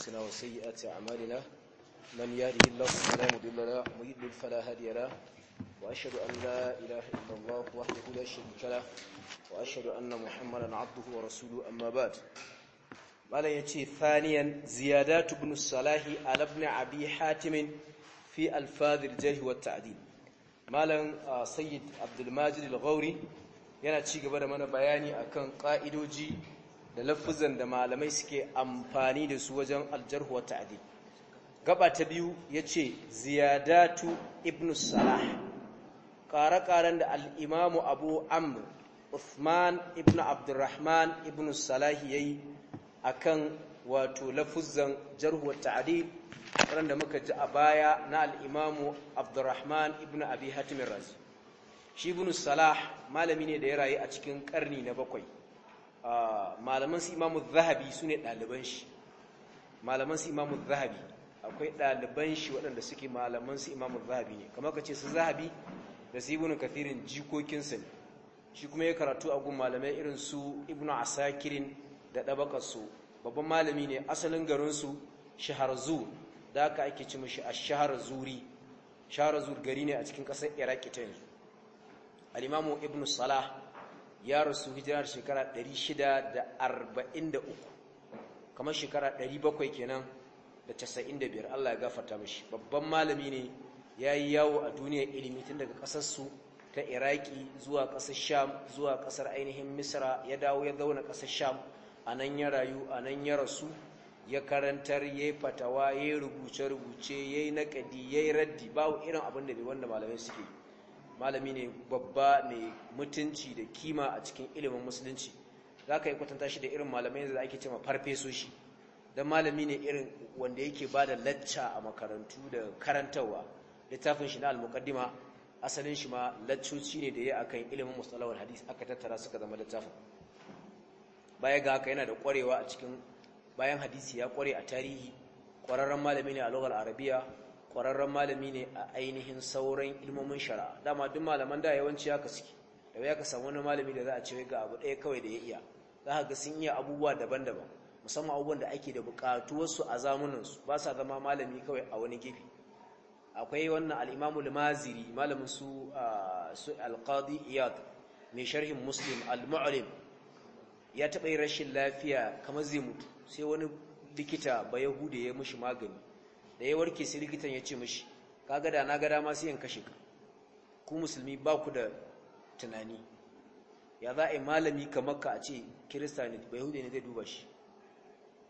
أنفسنا وسيئات أعمالنا من يهده الله فلا مضل له ومن يضلل فلا هادي له وأشهد أن لا إله إلا الله وحده لا شريك له وأشهد أن محمدا عبده ورسوله أما بعد قال يتي ثانيا زيادات ابن الصلاح على ابن أبي حاتم في ألفاظ الجرح والتعديل مالا سيد عبد الماجد الغوري yana ci gaba da mana bayani akan ƙa'idoji da lafuzan da malamai suke amfani da su wajen aljarhu wa ta'adi gaba ta biyu yace ziyadatu ibnu salah ƙare-ƙaren da Al'imamu abu amur uthman Ibn abdurrahman Ibn salahi a kan wato lafuzan jarhuwar wa ta'adi waɗanda muka ji a baya na Al'imamu abdurrahman ibnu abi hatim razi shi Ibn salah malami ne da ya rayu a cikin ƙarni na bakwai Ah, malaman su imamu zahabi su ne ɗaliban shi malaman su imamu zahabi akwai ɗaliban shi waɗanda suke malaman su imamu zahabi ne kamar ka ce su zahabi da su wani kafirin jikokinsa ne shi kuma ya karatu a gun malamai irin su ibnu asakirin da ɗabakarsu babban malami ne asalin garinsu shaharzu da aka ake ci mashi a shahar zuri gari ne a cikin ƙasar iraki ta yanzu al'imamu ibnu salah ya rasu hijirar shekara 643 kamar shekara 700 kenan da 95 Allah ya gafarta mashi babban malami ne ya yi yawo a duniyar ilimi tun daga ƙasarsu ta iraki zuwa ƙasar sham zuwa ƙasar ainihin misra ya dawo ya zauna ƙasar sham a nan ya rayu a nan ya rasu ya karantar ya yi fatawa ya yi rubuce-rubuce ya yi naƙadi ya yi raddi babu irin abin da bai wanda malamai suke yi malami ne babba mai mutunci da kima a cikin ilimin musulunci za ka yi kwatanta shi da irin malamai da ake cewa farfesoshi don malami ne irin wanda yake ba da lacca a makarantu da karantarwa littafin shi na almukaddima asalin shi ma laccoci ne da ya kan ilimin musulawar hadis aka tattara suka zama littafin baya ga haka yana da kwarewa a cikin bayan hadisi ya kware a tarihi kwararren malami ne a lughar arabiya kwararren malami ne a ainihin sauran ilmomin shari'a dama duk malaman da yawanci haka suke da ya ka wani malami da za a ce ga abu ɗaya kawai da ya iya za a ga sun iya abubuwa daban-daban musamman abubuwan da ake da buƙatuwarsu a zamaninsu ba sa zama malami kawai a wani gefe akwai wannan al'imamul maziri malamin su alƙadi iyad mai sharhin muslim al-mu'alim ya taɓa yi rashin lafiya kamar zai mutu sai wani likita ba hude ya mushi magani da ya warke sai likitan ya ce mishi kaga da na gada dama sai in kashe ka ku musulmi ba ku da tunani ya za a yi malami kamar ka a ce kirista ne ba ne zai duba shi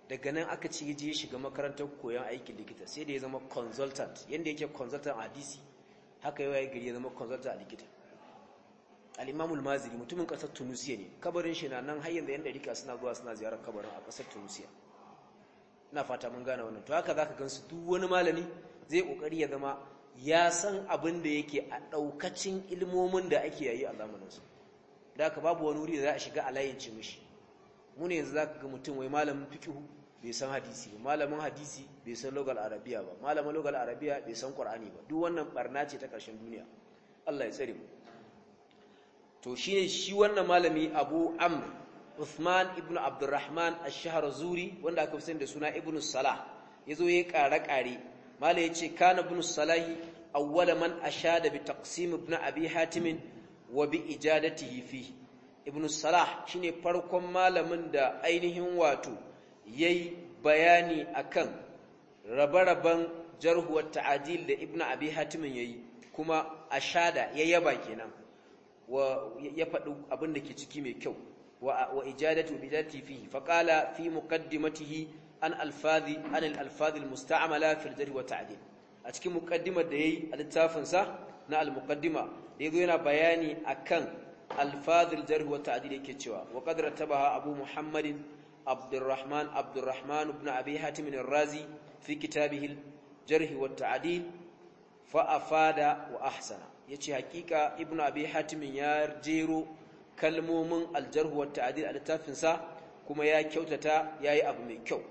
daga nan aka ci ya shiga makarantar koyon aikin likita sai da ya zama consultant yadda yake consultant a dc haka yawa ya gari ya zama consultant a likita al'imamul maziri mutumin kasar tunisiya ne kabarin shi na nan har yanzu yadda ɗarika suna zuwa suna ziyarar kabarin a kasar tunisiya ina fata mun gane wannan to haka zaka gansu duk wani malami zai kokari ya zama ya san abin da yake a daukacin ilmomin da ake yayi a zamanin su da haka babu wani wuri da za a shiga a layin ci mishi mu ne yanzu zaka ga mutum wai malamin fiqhu bai san hadisi ba malamin hadisi bai san logal arabiya ba malamin logal arabiya bai san qur'ani ba duk wannan barna ce ta karshen duniya Allah ya tsare mu to shine shi wannan malami Abu Amr Uthman ibn Abdurrahman ash Zuri, wanda aka fi da suna Ibn Salah yazo yayi kare-kare malai yace kana Ibn Salah awwala man ashada bi taqsim ibn Abi Hatim wa bi ijadatihi fi Ibn Salah shine farkon malamin da ainihin wato yayi bayani akan rabaraban raben jarhu wa ta'dil da Ibn Abi Hatim yayi kuma ashada ya kenan wa ya faɗi abinda ke ciki mai kyau wa ijadatu bidati fihi faqala fi muqaddimatihi an alfazi an al-alfaz al fi al a cikin muqaddimar da yayi a littafinsa sa na al-muqaddima yazo yana bayani akan alfaz al-jarh wa cewa wa qad rattabaha abu muhammadin abdulrahman abdurrahman ibn abi hatim ar-razi fi kitabihi al-jarh wa ta'dil fa wa ahsana yace hakika ibn abi hatim ya jero kalmomin aljarhu wa ta'adil a littafinsa, kuma ya kyautata ya yi abu mai kyau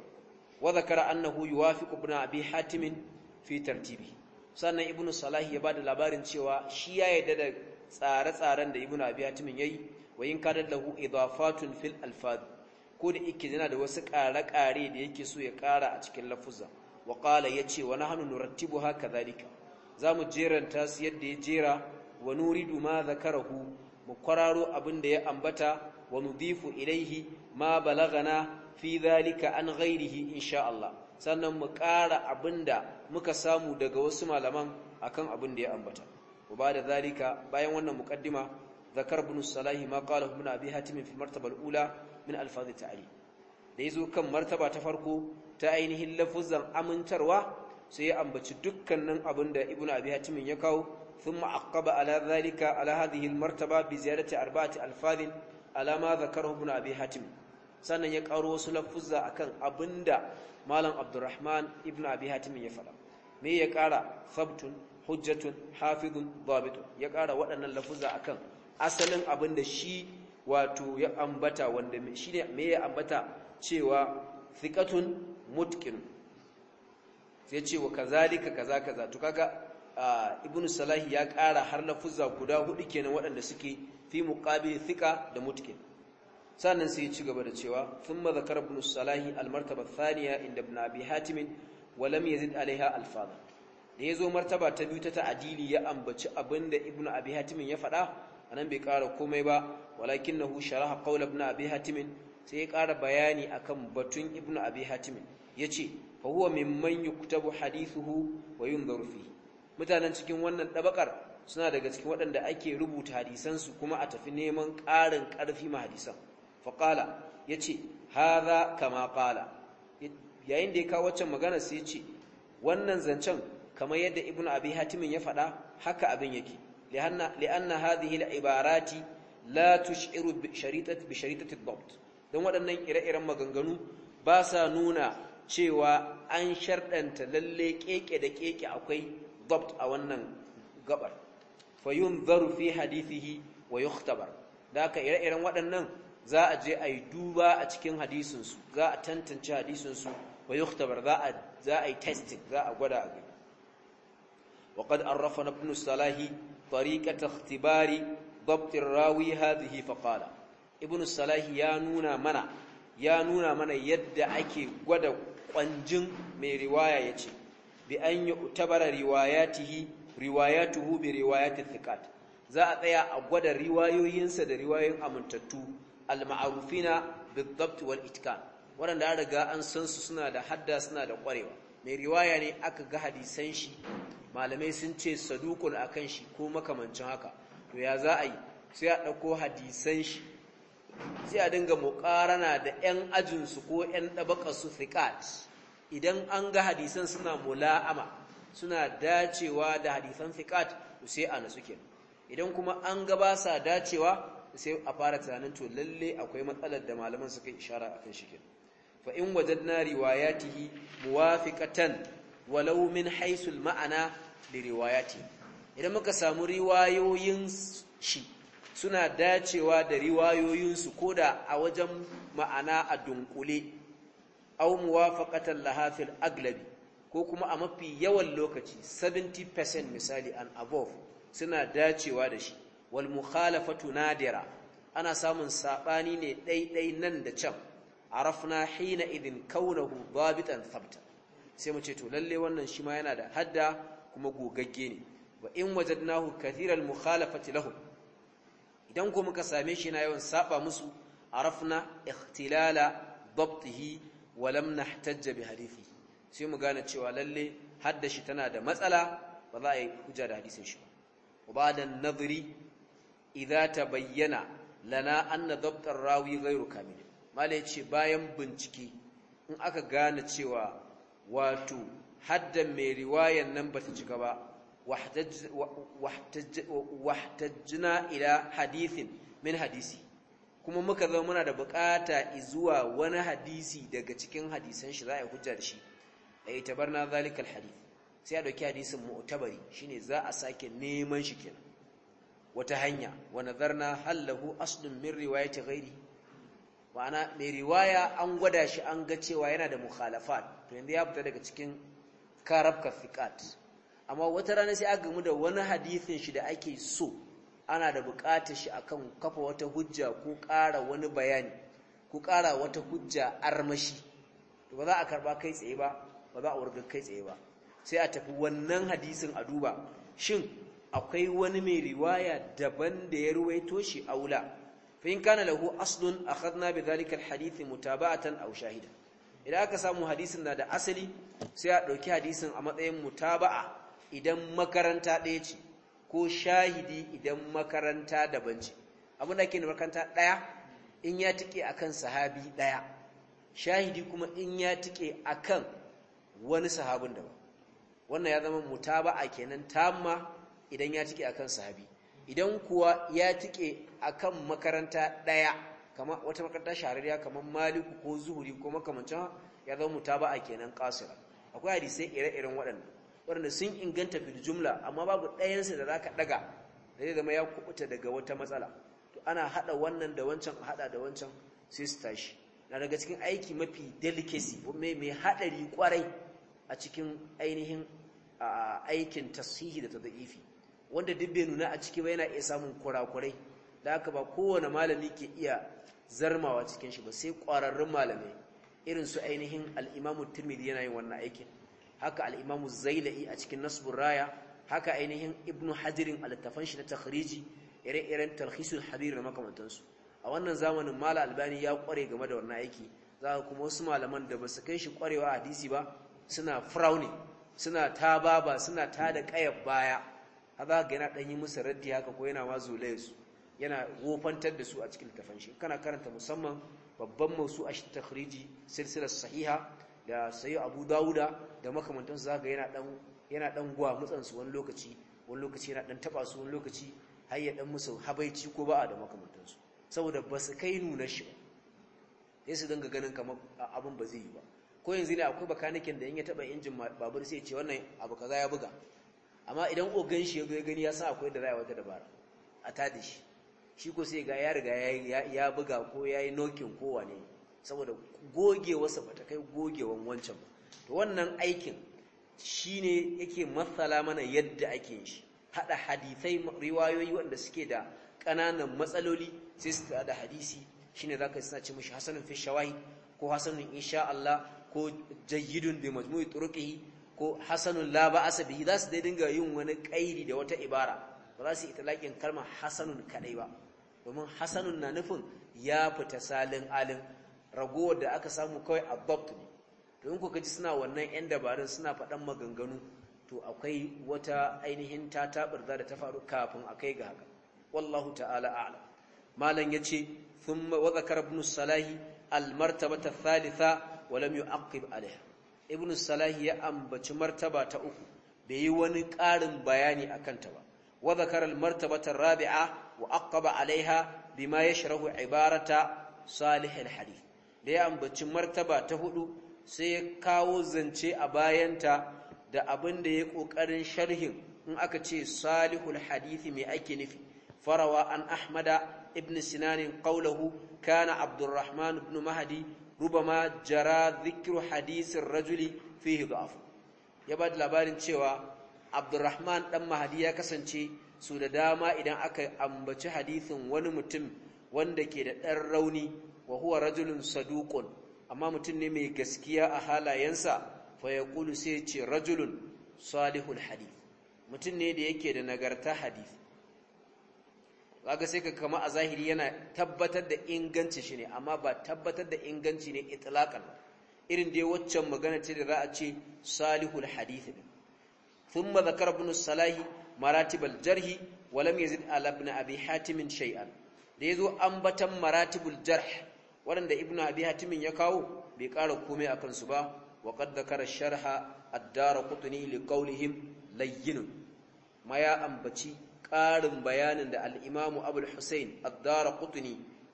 wa zakara annahu yuwafiqu ibn abi hatim fi tartibi sannan ibnu salah ya bada labarin cewa shi ya yarda da tsare-tsaren da ibnu abi hatim yayi wa in kada lahu idafatun fil alfaz ko da yake yana da wasu ƙare-ƙare da yake so ya ƙara a cikin lafuzza wa qala yace wa nahnu haka zalika zamu jeranta su yadda ya jera wa nuridu ma zakarahu mu kwararo abin da ya ambata wa nudifu ilaihi ma balagana fi zalika an ghairihi insha Allah sannan mu ƙara abin da muka samu daga wasu malaman akan abin da ya ambata wa ba'da zalika bayan wannan muqaddima zakar ibn salahi ma qala ibn abi hatim fi martaba ula min alfaz ta'ali da yazo kan martaba ta farko ta ainihin lafuzan amintarwa sai ya ambaci dukkanin abin da ibn abi hatim ya kawo ثم عقب على ذلك على هذه المرتبة بزيادة أربعة ألفاظ على ما ذكره ابن أبي حاتم sannan ya karo wasu lafuzza akan abinda malam abdurrahman ibn abi hatim ya faɗa me ya ƙara sabtun hujjatun hafizun dhabitun ya ƙara waɗannan lafuzza akan asalin abinda shi wato ya ambata wanda shi me ya ambata cewa thiqatun mutqin sai ce wa kazalika kaza kaza to kaga ibn salahi ya kara har lafuzza guda hudu kenan waɗanda suke fi muqabil thiqa da mutkin sannan sai ya ci gaba da cewa thumma zakara ibn salahi al martaba thaniya inda ibn abi hatim wa lam yazid alaiha al fadl da yazo martaba ta biyu ta ta'dili ya ambaci abinda ibn abi hatim ya faɗa anan bai ƙara komai ba walakinahu sharaha qawl ibn abi hatim sai ya ƙara bayani akan batun ibn abi hatim yace fa huwa mimman yuktabu hadithuhu wa yunzaru fihi mutanen cikin wannan dabakar suna daga cikin waɗanda ake rubuta hadisansu kuma a tafi neman ƙarin ƙarfi ma hadisan faƙala ya ce haza kama ƙala yayin da ya kawo waccan magana sai ya ce wannan zancen kama yadda ibn abi hatimin ya faɗa haka abin yake li'anna hadhihi al-ibarati la tush'iru bi sharitati dabt don waɗannan ire-iren maganganu ba sa nuna cewa an sharɗanta lalle keke da keke akwai بالضبط a wannan gabar fayunzaru fi hadithihi wa yukhtabar daka ire-iren waɗannan za a je ai duba a cikin hadisin su za a tantance hadisin su wa yukhtabar za a za ai za a gwada a wa qad arrafa ibn salahi tariqat ikhtibari dabt ar-rawi hadhihi ibn salahi ya nuna mana yadda ake gwada kwanjin mai riwaya ya ce. bi an yu'tabara riwayatihi riwayatuhu bi riwayati thiqat za a tsaya a gwada riwayoyinsa da riwayoyin amintattu alma'arufina marufina bid-dabt wal itqan waɗanda an riga an san su suna da hadda suna da ƙwarewa mai riwaya ne aka ga hadisan shi malamai sun ce sadukun akan shi ko makamancin haka to ya za a yi sai a ɗauko hadisan shi sai a dinga muƙarana da 'yan ajinsu ko 'yan ɗabaƙa su thiqat idan an ga hadisan suna mula'ama suna dacewa da hadisan fiqat sai a nasu ke idan kuma an ga ba sa dacewa sai a fara tunanin to lalle akwai matsalar da malaman suka ishara akan shi ke fa in wajadna riwayatihi muwafiqatan walau min haythu maana li riwayati idan muka samu riwayoyin shi suna dacewa da riwayoyin su koda a wajen ma'ana a dunkule aw muwafaqatan laha fil aglabi ko kuma a mafi yawan lokaci 70% misali an above suna dacewa da shi wal mukhalafatu nadira ana samun sabani ne daidai nan da can arafna hina idin kaunahu babitan thabta sai mu ce to lalle wannan shi ma yana da hadda kuma gogagge ne wa in wajadnahu kathiral mukhalafati lahu idan ko muka same shi na yawan saba musu arafna ikhtilala dabtihi walam nahtajja hadisi sai mu gane cewa lalle haddashi tana da matsala ba za a yi hujja da hadisin shi ba ba'da nadri idza tabayyana lana anna dabtar rawi ghairu kamil mala yace bayan bincike in aka gane cewa wato haddan mai riwayan nan ta cika ba wahtajjina ila hadithin min hadisi kuma muka zama muna da bukata izuwa wani hadisi daga cikin hadisan shi za a yi hujja da shi a yi na zalikal hadith sai a ɗauki hadisin mu'tabari shine za a sake neman shi kenan wata hanya wa na hallahu aslun min riwayati ghairi ma'ana mai riwaya an gwada shi an ga cewa yana da mukhalafat to yanzu ya fita daga cikin karabka fiqat amma wata rana sai aka gamu da wani hadisin shi da ake so ana da bukatar shi akan kafa wata hujja ko ƙara wani bayani ko ƙara wata hujja armashi to ba za a karba kai tsaye ba ba za a warga kai tsaye ba sai a tafi wannan hadisin a duba shin akwai wani mai riwaya daban da ya ruwaito shi a wula fa in kana lahu aslun akhadna bi zalikar alhadith mutaba'atan aw shahida idan aka samu hadisin na da asali sai a ɗauki hadisin a matsayin mutaba'a idan makaranta ɗaya ce ko shahidi idan makaranta daban ce abin da ke makaranta ɗaya in ya tike akan sahabi ɗaya shahidi kuma in ya tike akan wani sahabin daban wannan ya zama a kenan tamma idan ya tike akan sahabi idan kuwa ya tike akan makaranta ɗaya kama wata makaranta shahararriya kamar maliku ko zuhuri ko makamancin ya zama a kenan kasira akwai hadisai ire-iren waɗannan waɗanda sun inganta fil jumla amma babu dayansa da zaka daga da zai zama ya kubuta daga wata matsala to ana hada wannan da wancan a hada da wancan sai su tashi na daga cikin aiki mafi delicacy mai mai hadari kwarai a cikin ainihin aikin tasihi da tadaifi wanda duk bai nuna a ciki ba yana iya samun kurakurai da haka ba kowane malami ke iya zarmawa cikin shi ba sai kwararrun malamai irin su ainihin al'imamu timid Tirmidhi yana yin wannan aikin haka al zaila'i a cikin nasbur raya haka ainihin ibn hadirin al shi na takhriji ire-iren talhisul habir da makamantansu a wannan zamanin mala albani ya kware game da wannan aiki za kuma wasu malaman da ba su kai shi kwarewa hadisi ba suna frauni suna ta baba suna ta da kayar baya haza ga yana yi musu raddi haka ko yana ma zulaye yana wofantar da su a cikin tafanshi kana karanta musamman babban masu a shi takhriji silsilar sahiha da sayo abu dawuda da makamantansu za ga yana ɗan guwa mutsansu wani lokaci wani lokaci yana dan taba su wani lokaci har ya ɗan musu habaici ko ba'a da makamantansu saboda ba su kai nuna shi ba sai su dinga ganin kamar abin ba zai yi ba ko yanzu ne akwai bakanikin da in ya taɓa injin babur sai ce wannan abu kaza ya buga amma idan ogan shi ya zo ya gani ya san akwai da za a wata dabara a tadi shi shi ko sai ga ya riga ya buga ko ya yi nokin kowa ne. saboda gogewarsa ba ta kai gogewan wancan ba to wannan aikin shi ne yake matsala mana yadda ake yin shi hada hadisai riwayoyi wanda suke da ƙananan matsaloli sai su da hadisi shine zaka suna ce mashi hasanin fi shawahid ko hasanun insha Allah ko jayyidun bai majmu'i turuqihi ko hasanun Laba ba'asa za su dai dinga yin wani kairi da wata ibara ba za su yi italakin kalmar hasanun kadai ba domin hasanun na nufin ya fita salin alin ragowar da aka samu kawai a ne to in kuka ji suna wannan yan dabarun suna faɗan maganganu to akwai wata ainihin ta taɓarza da ta faru kafin a kai ga haka wallahu ta'ala a'lam malam yace thumma wa zakara ibn salahi al martabata thalitha wa lam yu'aqib alaiha ibn salahi ya ambaci martaba ta uku bai yi wani ƙarin bayani akan ta ba wa zakara al martabata rabi'a wa aqaba alaiha bima yashrahu ibarata salih al hadith da ya ambaci martaba ta hudu sai ya kawo zance a bayanta da abin da ya ƙoƙarin sharhin in aka ce salihul hadithi mai ake nufi farawa an ahmada ibn sinanin kaulahu kana abdurrahman ibn mahdi rubama jara zikiru hadisin rajuli fihi da'af ya ba da labarin cewa abdurrahman dan mahadi ya kasance su da dama idan aka ambaci hadisin wani mutum wanda ke da ɗan rauni wa huwa rajulun saduqun amma mutum ne mai gaskiya a halayensa fa yaqulu sai ce rajulun salihul hadith mutum ne da yake da nagarta hadith kaga sai ka kama a zahiri yana tabbatar da inganci shi ne amma ba tabbatar da inganci ne itlaqan irin dai waccan magana ce da za a ce salihul hadith din thumma zakara ibn salahi maratibal jarhi wa lam yazid ala ibn abi hatim shay'an da yazo ambatan maratibul jarh waɗanda ibnu abi hatimin ya kawo bai ƙara komai a kansu ba wa qad sharha addara dara qutni li ma ya ambaci ƙarin bayanin da al-imam abul husayn ad-dara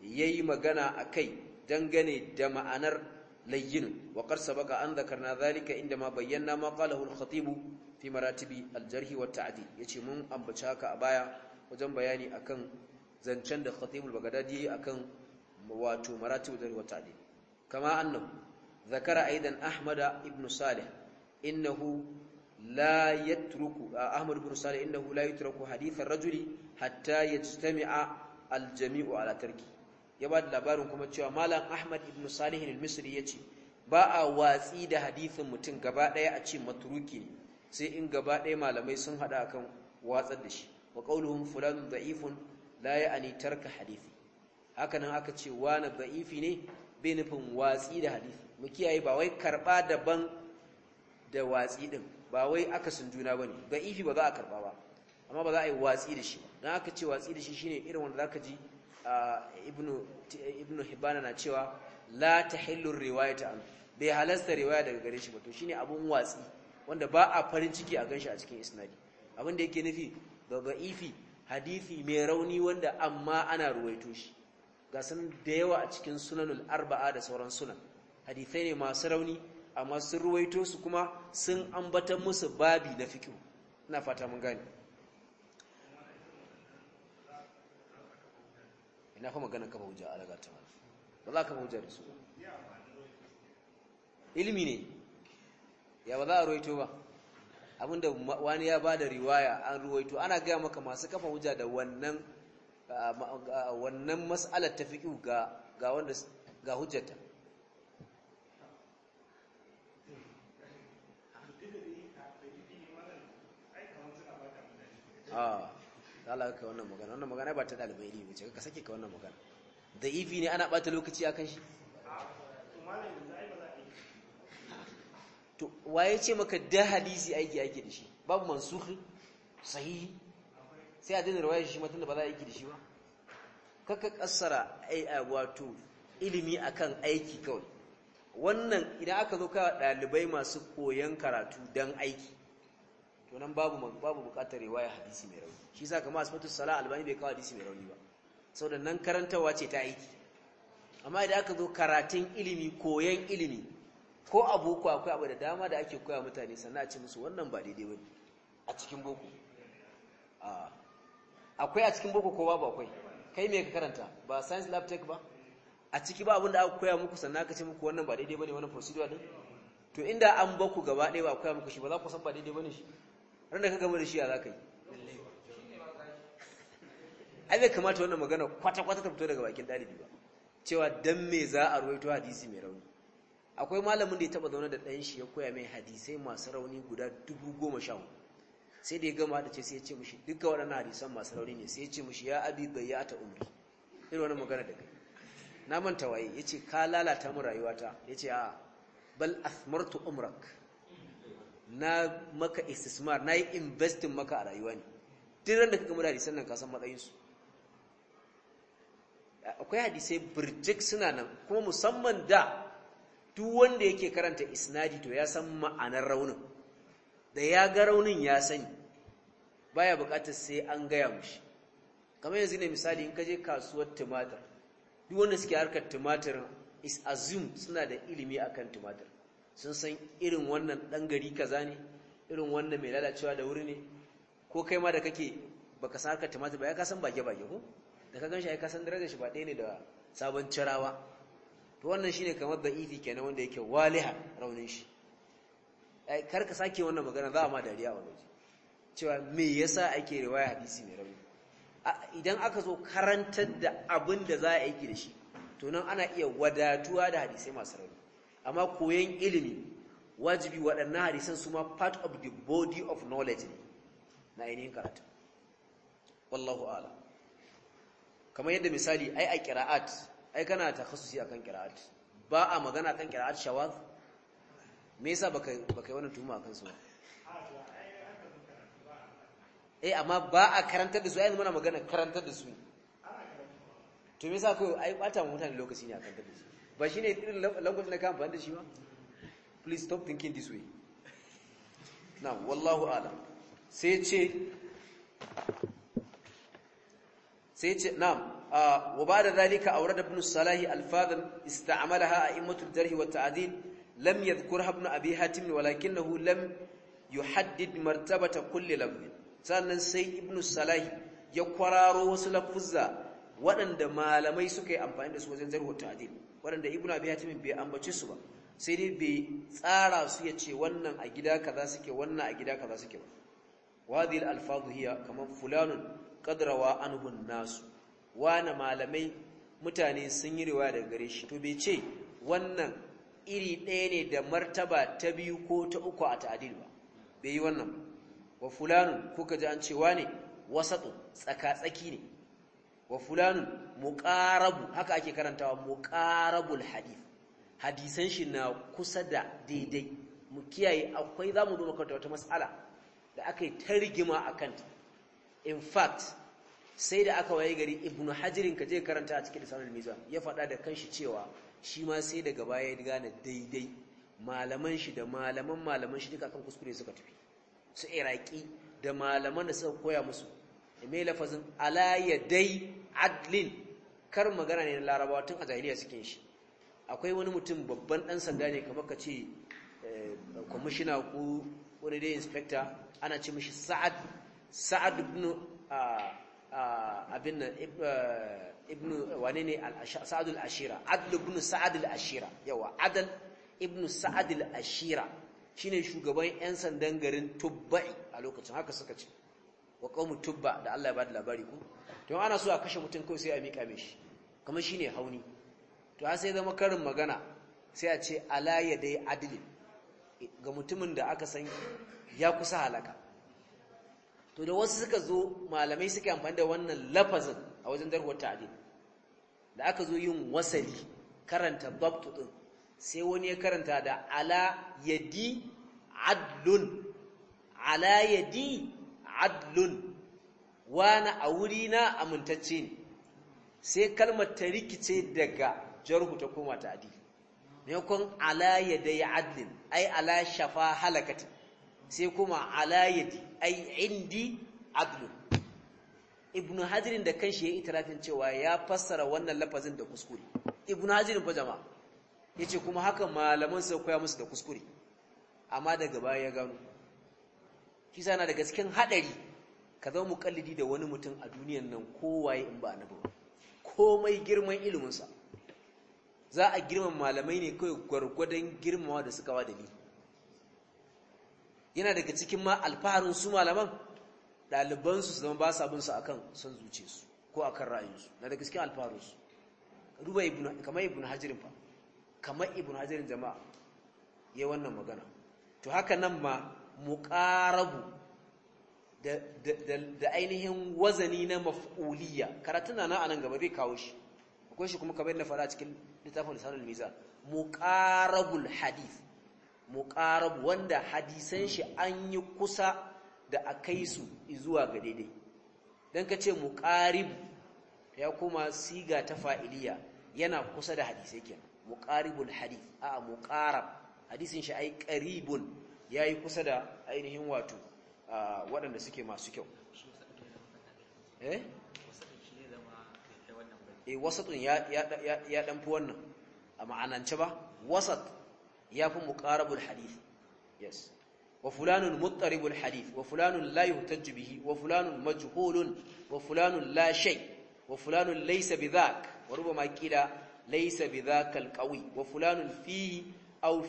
yayi magana akai dangane da ma'anar layyin wa qad sabaqa an dhakarna dhalika inda ma bayyana ma qalahu al-khatib fi maratibi al-jarh wa at-ta'dil yace mun ambaci haka a baya wajen bayani akan zancen da khatib bagadadi akan wato maratibu dari wata ne kama annahu zakara aidan ahmad ibn salih innahu la yatruku ahmad ibn salih innahu la yatruku hadith rajuli hatta yajtami'a al-jami'u ala tarki ya ba da labarin kuma cewa malam ahmad ibn salih al-misri yace ba a watsi da hadithin mutum gaba daya a ce matruki ne sai in gaba daya malamai sun hada akan watsar da shi wa qauluhum fulanun da'ifun la ya'ani tarka hadithi haka nan aka ce wani ba'ifi ne bai nufin watsi da hadisi mu kiyaye ba wai karba daban da watsi din ba wai aka sun juna ba ne ba'ifi ba za a karba ba amma ba za a yi watsi da shi don aka ce watsi da shi shine irin wanda za ka ji ibnu hibana na cewa la ta hillun riwaya ta an bai halasta riwaya daga gare shi ba to shine abun watsi wanda ba a farin ciki a ganshi a cikin isnadi abin da yake nufi ba ba'ifi hadisi mai rauni wanda amma ana ruwaito shi ga sun da yawa a cikin sunanul arba'a da sauran sunan hadithai ne masu rauni amma sun ruwaito su kuma sun ambatan musu babi na fiƙo ina fata mun gane ina fa magana kafa hujja a daga tamar ba za ka hujja da su ilimi ne ya ba za a ruwaito ba abinda wani ya ba da riwaya an ruwaito ana gaya maka masu kafa hujja da wannan wannan mas'alar ta fi ga ga wanda ga hujjata a ah, Allah ka wannan magana wannan magana ba ta dalibai ne bace ka sake ka wannan magana da ifi ne ana bata lokaci a kan shi to waye ce maka da hadisi aiki ake da shi babu mansukhi sahihi sai a dina ruwayar shi matan da ba za a aiki da shi ba kaka kassara wato ilimi akan aiki kawai wannan idan aka zo kawai ɗalibai masu koyon karatu don aiki to nan babu babu buƙatar riwaya hadisi mai rauni shi sa kamar asmatu sala albani bai kawo hadisi mai rauni ba da nan karantawa ce ta aiki amma idan aka zo karatun ilimi koyon ilimi ko a boko akwai abu da dama da ake koya mutane sannan a ci musu wannan ba daidai ba a cikin boko a akwai a cikin boko kowa ba akwai kai me ka karanta ba science lab tech ba a ciki ba abin da aka koya muku sannan aka ce muku wannan ba daidai bane wannan procedure din to inda an baku gaba ɗaya ba koya muku shi ba za ku san ba daidai bane shi ran da ka gama da shi ya za ka yi ai bai kamata wannan magana kwata-kwata ta fito daga bakin ɗalibi ba cewa dan me za a ruwaito hadisi mai rauni akwai malamin da ya taba zaune da ɗan shi ya koya mai hadisai masu rauni guda dubu goma sha hudu sai da ya gama da ce sai ya ce mushi duka waɗannan hadisan masu rauni ne sai ya ce mushi ya abi ta umri irin wani magana da kai na manta waye ya ce ka lalata mu rayuwata ya ce a bal asmartu umrak na maka istismar na yi investin maka a rayuwa ne duk ran da ka gama da hadisan nan ka san matsayinsu akwai hadisai birjik suna nan kuma musamman da duk wanda yake karanta isnadi to ya san ma'anar raunin da ya ga raunin ya sani baya bukatar sai an gaya mushi kamar yanzu ne misali in ka je kasuwar tumatir duk wanda suke harkar tumatir is assumed suna da ilimi akan tumatir sun san irin wannan dan gari kaza ne irin wannan mai lalacewa da wuri ne ko kai ma da kake baka san harkar tumatir ba ya kasan bage bage ko da ka ganshi ai kasan darajar shi ba ɗaya ne da sabon cirawa to wannan shine kamar da ifi kenan wanda yake waliha raunin shi kar ka sake wannan magana za a ma dariya a waje cewa me yasa ake riwaya hadisi mai rauni idan aka zo karantar da abin da za a aiki da shi to nan ana iya wadatuwa da hadisai masu rauni amma koyon ilimi wajibi waɗannan hadisan su ma part of the body of knowledge ne na ainihin karatu wallahu ala kamar yadda misali ai a kira'at ai kana ta takhassusi akan kira'at ba a magana kan kira'at shawaz me yasa baka baka yi wannan tuhuma a kansu ba eh amma ba a karantar da su ai muna magana karantar da su to me yasa ko ai bata mu mutane lokaci ne a karantar da su ba shine irin language na kan da shi ba please stop thinking this way na wallahu ala sai ce sai ce na wa da zalika aurada ibn salahi alfadan ista'malaha a'immatul jarh wa ta'dil lam yadhkurha ibn abi hatim walakinahu lam yuhaddid martabata kulli lafzin sannan sai ibn salahi ya kwararo wasu lafuzza waɗanda malamai suka yi amfani da su wajen zarwa ta'dil waɗanda ibn abi hatim bai ambace su ba sai dai bai tsara su ya ce wannan a gida kaza suke wannan a gida kaza suke ba wadhil alfadhu hiya kaman fulanun qadrawa anhu nasu wana malamai mutane sun yi riwaya daga gare shi to bai ce wannan iri ɗaya ne da martaba ta biyu ko ta uku a ta'adil ba bai yi wannan ba wa fulanun kuka ji an cewa ne wasatsu tsaka-tsaki ne wa fulanun muqarabu haka ake karantawa muqarabul hadith hadisan shi na kusa da daidai mu kiyaye akwai zamu duba kanta wata mas'ala da aka yi ta rigima a kanta in fact sai da aka waye gari ibnu hajirin ka je karanta a cikin lisanul mizan ya faɗa da kanshi cewa shi ma sai daga baya ya gane daidai malaman shi da malaman malaman shi duka kan kuskure suka tafi su iraki da malaman da suka koya musu mai lafazin alaya dai adlin kar magana ne na larabawa tun a zahiriya suke shi akwai wani mutum babban dan sanda ne kamar ka ce eh, kwamishina ko wani dai inspector ana ce mishi sa'ad sa'ad ibn ah, ah, abin nan eh, ibn wane ne sa'ad al-ashira adl ibn sa'ad al-ashira yawa adl ibn sa'ad al-ashira shine shugaban yan sandan garin tubba'i a lokacin haka suka ce wa qaumu tubba da Allah ya bada labari ku to ana so a kashe mutum kai sai a mika mishi kamar shine hauni to sai zama karin magana sai a ce ala yadai adl ga mutumin da aka san ya kusa halaka to da wasu suka zo malamai suke amfani da wannan lafazin a wajen darwar ta'adil da aka zo yin wasali karanta Babtu din sai wani ya karanta da ala yadi adlun ala yadi adlun wani a wuri na amintacce ne sai kalmar ta rikice daga jarhu ta koma ta'adil maimakon ala yadai adlin ai ala shafa halakati sai kuma ala yadi ai indi adlun ibnu hajirin da kanshi ya yi itirafin cewa ya fassara wannan lafazin da kuskure ibnu hajirin jama jama'a ce kuma haka malaman sa koya musu da kuskure amma daga baya ya gano kisa na daga cikin haɗari, ka zama mukallidi da wani mutum a duniyan nan kowaye in ba na ba komai girman iliminsa za a girmama malamai ne kawai gwargwadon girmawa da suka wa dalili yana daga cikin ma alfaharin su malaman ɗalibansu su zama ba sa bin su akan son zuciyarsu ko akan ra'ayinsu na da gaske alfarinsu duba kamar ibn hajirin fa kamar ibn hajirin jama'a ya wannan magana to haka nan ma mu da da ainihin wazani na maf'uliyya karatun nan a nan gaba zai kawo shi akwai shi kuma kamar yadda fara cikin littafin lisanul mu muqarabul hadith muqarab wanda hadisan shi an yi kusa da a kai su zuwa ga daidai don ka ce muƙarib ya kuma siga ta fa'iliya yana kusa da hadisai kenan muƙaribul hadis a muƙarab hadisin shi ai ƙaribun ya yi kusa da ainihin wato waɗanda suke masu kyau eh, eh wasatun ya ɗanfi wannan a ma'anance ba wasat ya fi muƙarabul hadis yes wa fulanun muttaribul hadith wa fulanun la yuhtajju bihi wa fulanun majhulun wa fulanun la shay wa fulanun laysa bidhak wa rubama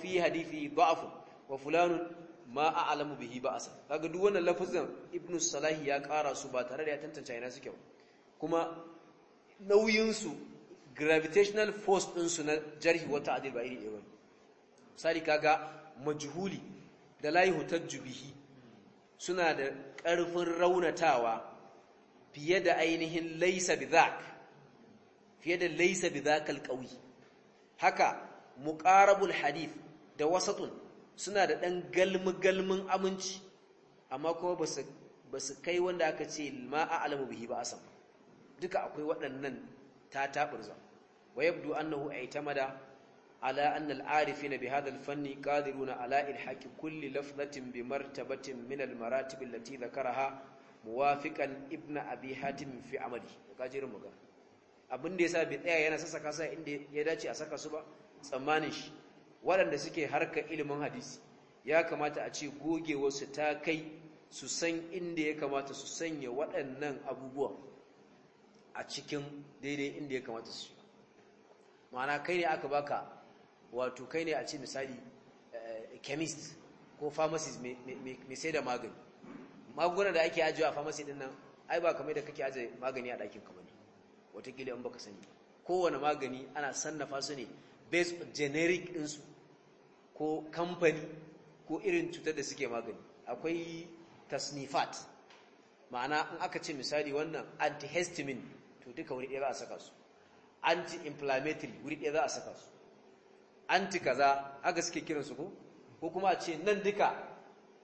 fi hadithi da'f wa fulanun ma a'lamu bihi ba'sa kaga duk wannan lafazin ibnu salahi ya kara su ba tare da tantance ina suke kuma nauyin su gravitational force din su na jarhi wata ta'dil ba iri ɗaya kaga majhuli da layi hutajju jubihi suna da ƙarfin raunatawa fiye da ainihin laisa bidhak fiye da laisa bidhak alqawi haka muƙarabul hadith da wasatun suna da ɗan galmi-galmin aminci amma kuma ba su kai wanda aka ce ma a alamu bihi ba asam duka akwai waɗannan ta taɓurza wa yabdu annahu aitamada ala أن العارفين arifin الفن قادرون على fanni كل ala بمرتبة kulli lafzatin bi martabatin min ابن أبي حاتم في عمله ibn abi abin da yasa bi tsaya yana sassaka sa inda ya dace a saka su ba tsammanin shi waɗanda suke harka ilimin hadisi ya kamata a ce gogewarsu ta kai su san inda ya kamata su sanya waɗannan abubuwa a cikin daidai inda ya kamata su ma'ana kai ne aka baka wato kai ne a ce misali eh, chemist ko pharmacist mai sai da magani magunan da ake ajiye a pharmacy din nan ai ba kamar da kake ajiye magani a ɗakin kamar watakila in baka sani kowane magani ana sannafa su ne based on generic ɗinsu ko kamfani ko irin cutar da suke magani akwai tasnifat ma'ana in aka ce misali wannan antihistamine to duka wuri ɗaya za a saka su anti-inflammatory wuri ɗaya za a saka su anti kaza aka suke kiransu ko ko kuma a ce nan duka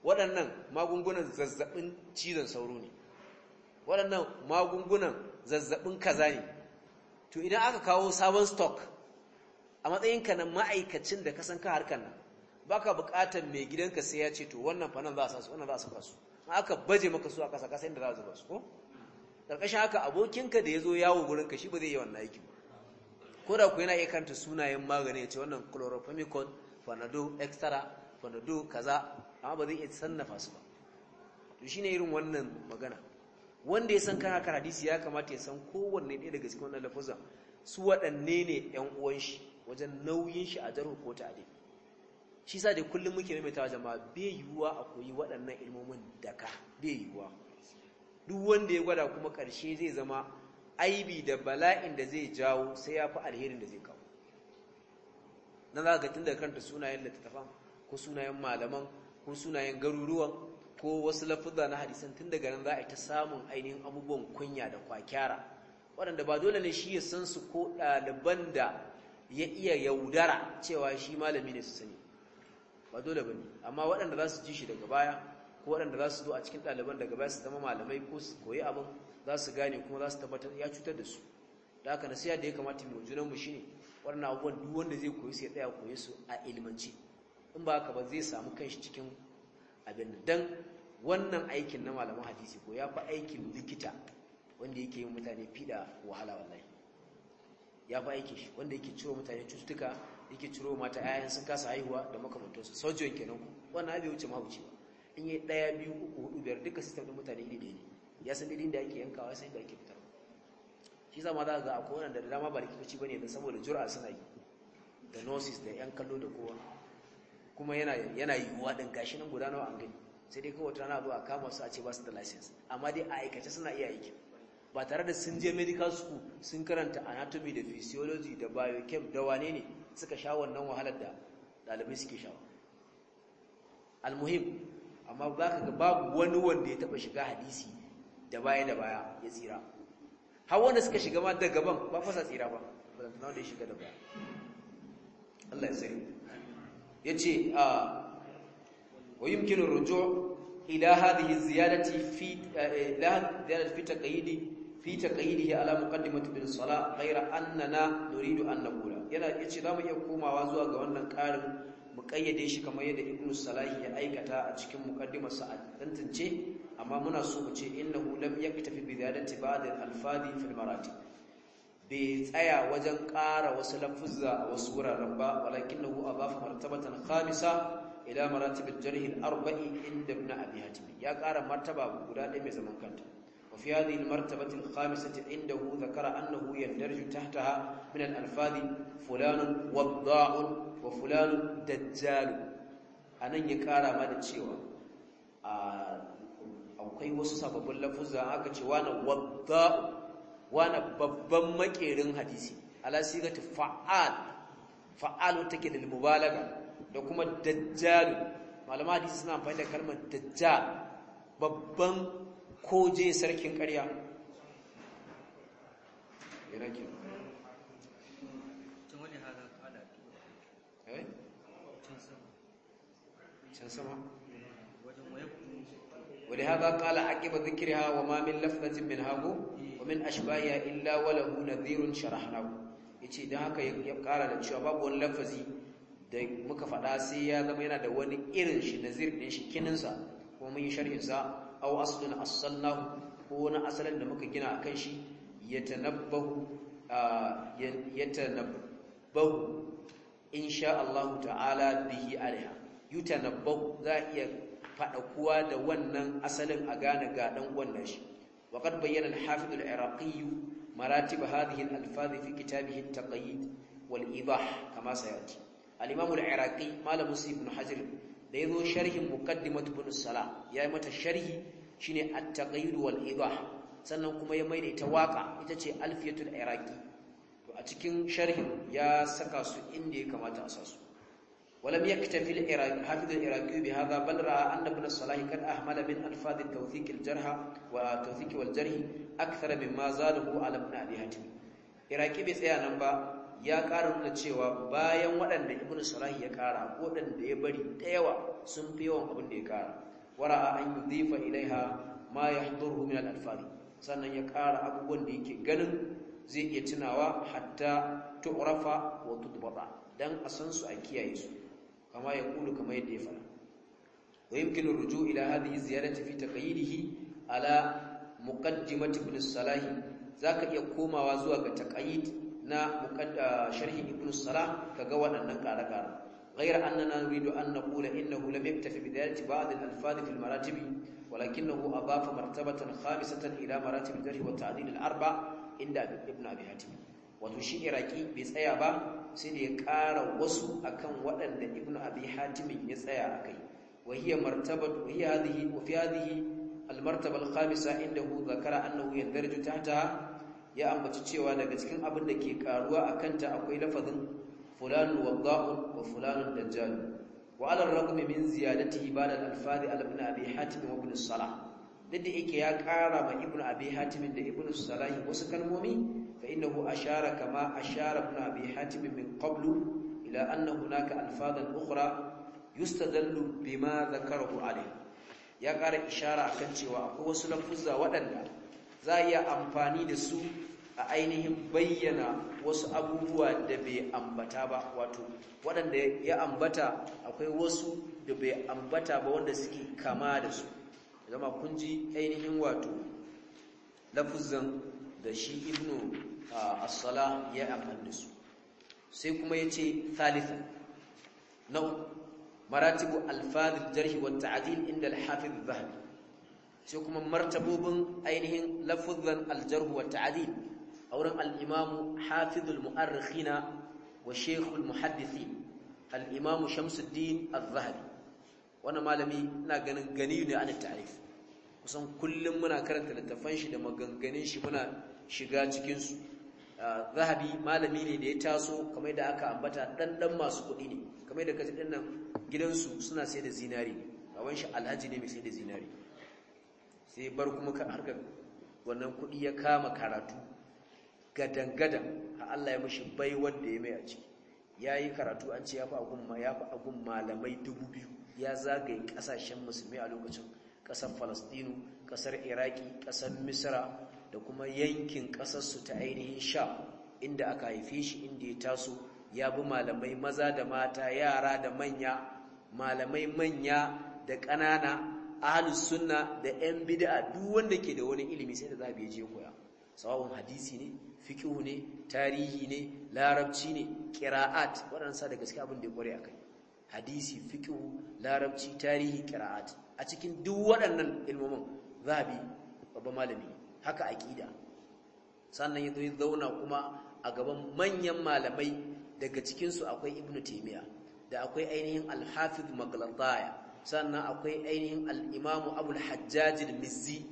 waɗannan magungunan zazzabin cizon sauro ne waɗannan magungunan zazzabin kaza ne to idan aka kawo sabon stock a matsayinka na ma'aikacin da ka san ka harkar nan baka buƙatar mai gidanka sai ya ce to wannan fa za a sasu wannan za a saka su aka baje maka su a ƙasa ƙasa inda za a zuba su ko ƙarƙashin haka abokinka da ya zo yawo gurinka shi ba zai yi wannan aiki ba ko da ku yana iya karanta sunayen magani ya ce wannan chloropamicol panado extra panado kaza amma ba zai iya sannafa su ba to shine irin wannan magana wanda ya san kan haka hadisi ya kamata ya san kowanne ɗaya daga cikin wannan lafuzan su waɗanne ne ɗan uwan shi wajen nauyin shi a jarhu ko ta adil shi sa da kullum muke maimaitawa jama'a bai yiwuwa a koyi waɗannan ilmomin daka bai yiwuwa duk wanda ya gwada kuma ƙarshe zai zama aibi da bala'in da zai jawo sai ya fi alherin da zai kawo na za ga tun da kanta sunayen littattafan ko sunayen malaman ko sunayen garuruwan ko wasu lafuzza na hadisan tun daga nan za a yi ta samun ainihin abubuwan kunya da kwakyara waɗanda ba dole ne shi ya san su ko ɗaliban da ya iya yaudara cewa shi malami ne su sani ba dole ba ne amma waɗanda za su ji shi daga baya ko waɗanda za su zo a cikin ɗaliban daga baya su zama malamai ko su koyi abin za su gane kuma za su tabbatar ya cutar da su da haka nasiha da ya kamata mu junan mu shine wannan abubuwan duk wanda zai koyi sai tsaya koyi su a ilmanci in ba haka ba zai samu kanshi cikin abin nan dan wannan aikin na malaman hadisi ko ya fi aikin likita wanda yake yi mutane fida wahala wallahi ya fi aikin shi wanda yake ciro mutane cututtuka yake ciro mata 'ya'yan sun kasa haihuwa da makamantansu sojiyon kenan wannan abin wuce ma wuce ba in yi ɗaya biyu uku hudu biyar duka sistem ɗin mutane iri da ne ya san dalilin da yake yankawa sai da yake fitar shi zama za ga akwai wanda da dama ba fici bane da saboda jura suna yi da nosis da yan kallo da kowa kuma yana yana yiwuwa din gashi nan guda nawa an gani sai dai kawai tana zuwa kama su a ce ba su da license amma dai a aikace suna iya aiki ba tare da sun je medical school sun karanta anatomy da physiology da biochem da wane ne suka sha wannan wahalar da ɗalibai suke sha almuhim amma ba ka ga babu wani wanda ya taba shiga hadisi da baya da baya ya tsira har wanda suka shiga ma da gaban ba fasa tsira ba ba zan wanda ya shiga da baya Allah ya Ya ce, a ah, wa yumkinu ruju' ila hadhihi ziyadati fi eh, ila ziyadati fi taqyidi fi taqyidihi ala muqaddimati bil salah ghayra annana nuridu an naqula yana yace zamu iya komawa zuwa ga wannan karin mu kayyade shi kamar yadda ibn salahi ya aikata a cikin sa'ad sa tantance amma muna so mu ce innahu lam yaktafi bi ziyadati ba'd al-alfadi fil marati bai tsaya wajen ƙara wasu lafuzza a wasu wuraren ba walakinahu adafa martabatan khamisa ila maratib al-jarh al-arba'i inda ibn abi hatim ya ƙara martaba guda ɗaya mai zaman kanta وفي هذه المرتبة الخامسة عنده ذكر أنه يندرج تحتها من الألفاظ فلان وضاع وفلان دجال أن يكارى ما تشيوى أو كي وصف باللفظ أكتش وانا وضاع وانا ببن مكيرن حديثي على صيغة فعال فعال تكي للمبالغة لكما دجال معلومات حديثي سنة فإذا كلمة دجال babban ko je sarkin ƙarya wani haka wadda eh? haka kala aqiba zikriha wa ma min lafzatin min hagu eh. wa min ashbahiha illa wa lahu nadhirun Ya yace dan haka ya kara da cewa babu wani lafazi da muka faɗa sai ya zama yana da wani irin shi nazir din shi kininsa kuma mun yi sharhinsa. sa aw aslun asallahu ko wani asalin da muka gina kan shi yatanabbahu yatanabbahu insha Allah ta'ala bihi alaiha yutanabbahu za iya fada kuwa da wannan asalin a gane ga dan wannan shi wa qad bayyana al-hafiz al-iraqi maratib hadhihi al-alfaz fi kitabihi at-taqyid wal-idah kama sayati al-imam al-iraqi malam muslim ibn da ya zo sharhin mukaddimat bin salah ya yi mata sharhi shine at-taqyid wal sannan kuma ya maida ita waka ita ce alfiyatul iraqi to a cikin sharhin ya saka su inda ya kamata a sasu walam yaktafi al-iraqi hafiz al-iraqi bi hadha bal ra'a anna bin salah kad ahmala min alfaz at-tawthiq al-jarh wa tawthiq wal-jarh akthar mimma zalahu ala ibn abi hatim iraqi bai tsaya nan ba ya ƙara nuna cewa bayan waɗanda ibn salahi ya ƙara waɗanda ya bari ta yawa sun fi yawan abin da ya ƙara wara'a an yudhifa ilaiha ma yahduruhu min al-alfari sannan ya ƙara abubuwan da yake ganin zai iya tunawa hatta tu'rafa wa tudbata dan a san su a kiyaye su kama ya kulu kama yadda ya fara wa yumkinu ruju ila hadhihi ziyarati fi taqyidihi ala muqaddimati ibn salahi zaka iya komawa zuwa ga taqyid na mukadda sharhi ibn salam kaga wadannan kare kare غير اننا نريد ان نقول انه لم يكتف بذلك بعض الالفاظ في المراتب ولكنه اضاف مرتبه خامسه الى مراتب الجرح والتعديل الاربعه عند ابن ابي حاتم وتشي عراقي بي tsaya ba sai ya ƙara wasu akan waɗanda ibnu abi ya tsaya akai wa hiya martabatu hi hadhihi wa fi al martaba al khamisa indahu dhakara annahu yandarju tahta ya ambaci cewa daga cikin abin da ke karuwa a kanta akwai lafazin fulanu wadda'un wa fulanun dajjalu wa ala ragumi min ziyadati ibada al-alfadi ala ibn abi hatim wa ibn salah duk da yake ya kara ma ibn abi hatim da ibn salah wasu kalmomi fa innahu ashara kama ashara ibn abi hatim min qablu ila anna hunaka alfadan yusta yustadallu bima dhakarahu ya kara ishara akan cewa akwai wasu lafuzza waɗanda za a iya amfani da su a ainihin bayyana wasu abubuwa da bai ambata ba wato waɗanda ya ambata akwai wasu da bai ambata ba wanda suke kama da su zama kun ji ainihin wato lafuzan da shi ibnu a sala ya amfani su sai kuma ya ce thalitha na'u maratibu alfadil jarhi wa ta'dil inda al-hafiz zahabi sai kuma martabobin ainihin lafuzan aljarhu wa ta'adil a wurin al'imamu hafizul mu'arrikhina wa shekul muhaddisin al'imamu shamsuddin al-zahabi wani malami na ganin gani ne a tarif kusan kullum muna karanta littafan shi da maganganun shi muna shiga cikinsu zahabi malami ne da ya taso kamar da aka ambata ɗanɗan masu kuɗi ne kamar da kaji nan gidansu suna sai da zinari ne shi alhaji ne mai sai da zinari sai bar kuma ka harkar wannan kuɗi ya kama karatu gadangadan a Allah ya mashi bai wanda ya mai a ciki ya yi karatu an ce ya fi agun malamai dubu biyu ya zagaye ƙasashen musulmi a lokacin ƙasar falastinu ƙasar iraki ƙasar misra da kuma yankin ƙasarsu ta ainihin sha inda aka haife shi inda ya taso ya bi malamai maza da mata yara da manya malamai manya da ƙanana ahlus sunna da yan bid'a duk wanda ke da wani ilimi sai da zabi biye je koya sawabin hadisi ne fiqhu ne tarihi ne larabci ne qira'at wannan sa da gaske abin da ya kware akai hadisi fiqhu larabci tarihi qira'at a cikin duk waɗannan ilmomin bi babba malami haka aqida sannan ya ya zauna kuma a gaban manyan malamai daga cikinsu akwai ibnu taymiya da akwai ainihin al-hafiz maglantaya sannan akwai ainihin al'imamu abul hajjajin mizzi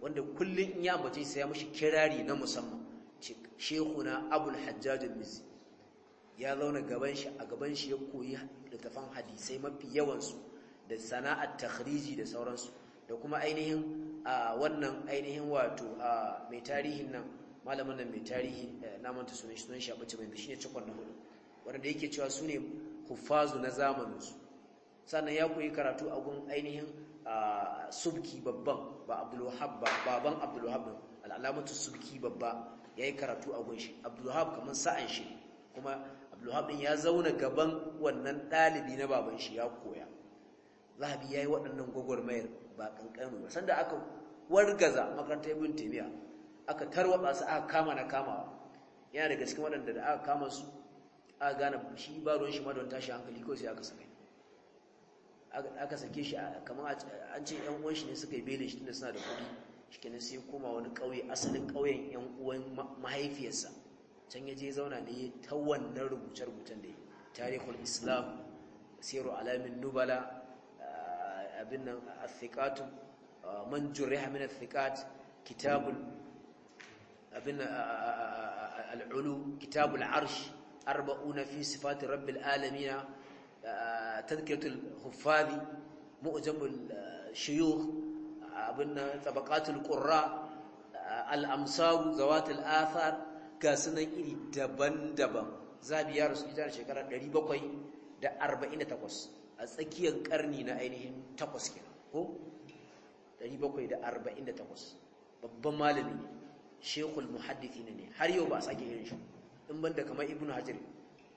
wanda kullum in ya mace sai ya mushi kirari na musamman shekuna abul hajjajin mizzi ya zauna gaban shi a gaban shi ya koyi littafan hadisai mafi yawansu da sana'ar takhriji da sauransu da kuma ainihin a wannan ainihin wato a mai tarihin nan malamin nan mai tarihi eh, na manta sunan shi sunan shi a bace mai shine cikon na hudu wanda yake cewa su ne hufazu na zamaninsu sannan ya koyi karatu a gun ainihin subki babban ba abdulwahab ba baban abdulwahab al'alamatu subki babba ya yi karatu a gun shi abdulwahab kamar sa'an shi kuma abdulwahab ɗin ya zauna gaban wannan ɗalibi na baban shi ya koya zahabi ya yi waɗannan gwagwarmayar ba ƙanƙanu ba sanda aka wargaza makarantar ibn taymiya aka tarwatsa su aka kama na kamawa yana daga cikin waɗanda da aka kama su a gane shi ba shi ma don tashi hankali ko sai aka sami aka sake shi kamar an ce yan uwan shi ne suka yi belin shi tunda suna da kuɗi shikenan sai koma wani ƙauye asalin ƙauyen yan uwan mahaifiyarsa can ya je zauna ne ta wannan rubuce rubucen da ya tarihul islam siru alamin nubala ah, abin nan athiqatu ah, man jurriha min athiqat kitabul abin ah, al'ulu kitabul arsh arba'una fi sifati rabbil alamina tazkiyatul huffazi mu'jamul shuyukh abin nan tabaqatul qurra al-amsaru zawatul athar ga sunan iri daban-daban zabi ya rasu ita shekara 748 a tsakiyar karni na ainihin takwas kenan ko 748 babban malami ne shekul muhaddisi ne har yau ba a sake irin shi in banda kamar ibn hajar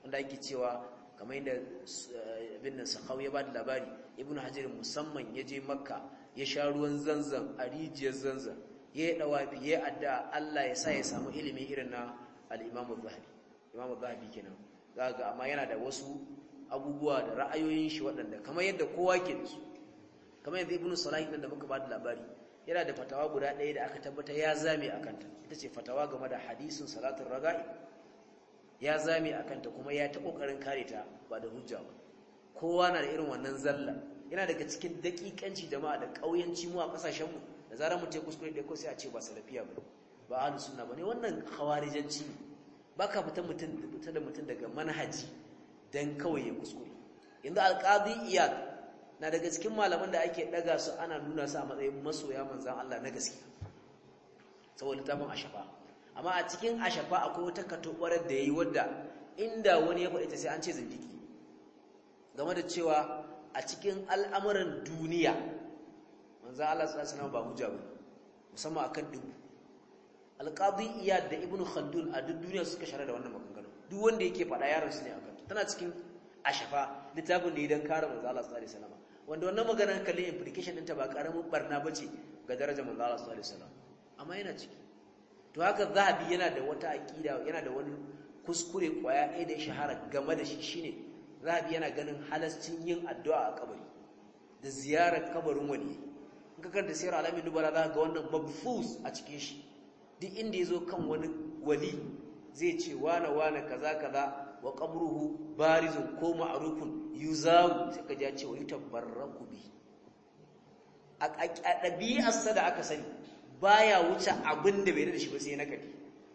wanda ake cewa kamar yadda eh, abin nan sakau ya ba da labari ibn hajar musamman ya je makka ya sha ruwan zanzan a rijiyar zanzan ya yi dawafi ya adda allah ya sa ya samu ilimi irin na al'imamu zahabi imamu zahabi kenan za ga amma yana da wasu abubuwa da ra'ayoyin shi waɗanda kamar yadda kowa ke da su kamar yadda ibn salahi da muka ba da labari yana da fatawa guda ɗaya da aka tabbata ya zame a kanta ita ce fatawa game da hadisin salatun raga'i ya zame a kanta kuma ya ta ƙoƙarin kare ta ba da hujja ba kowa na da irin wannan zalla yana daga cikin daƙiƙanci jama'a da ƙauyanci mu a ƙasashenmu da zarar mu ce kuskure ɗaya ko sai a ce ba salafiya ba ba ahlus sunna ba ne wannan khawarijanci ne baka fita mutum fita da mutum daga manhaji dan kawai ya kuskure yanzu alqadi iyad na daga cikin malaman da ake daga su ana nuna su a matsayin masoya manzan Allah na gaskiya saboda tafin ashafa amma a cikin ashafa akwai wata katobar da yayi wadda inda wani ya faɗi ta sai an ce zindiki game da cewa a cikin al'amuran duniya manzo Allah sallallahu alaihi wasallam ba hujja bane musamman akan dubu alqadi iyad da ibnu khaldun a duk duniya suka share da wannan maganganu duk wanda yake faɗa yaron su ne akan tana cikin ashafa littafin da idan kare manzo Allah sallallahu alaihi wasallam wanda wannan maganar kallon implication ɗinta ba ƙaramin barna ba ce ga darajar manzo Allah sallallahu alaihi wasallam amma yana ciki to haka zahabi yana da wata aƙida yana da wani kuskure kwaya ɗaya da shahara game da shi shine zahabi yana ganin halascin yin addu'a a kabari da ziyarar kabarin wani in ka karanta sayar alamin dubara za ga wannan mabfus a cikin shi duk inda ya zo kan wani wali zai ce wane wane kaza kaza wa qabruhu barizun ko ma'rufun yuzawu sai ka ja cewa yutabbarraku bi a ɗabi'arsa da aka sani baya wuce abin da bai da shi ba sai nakadi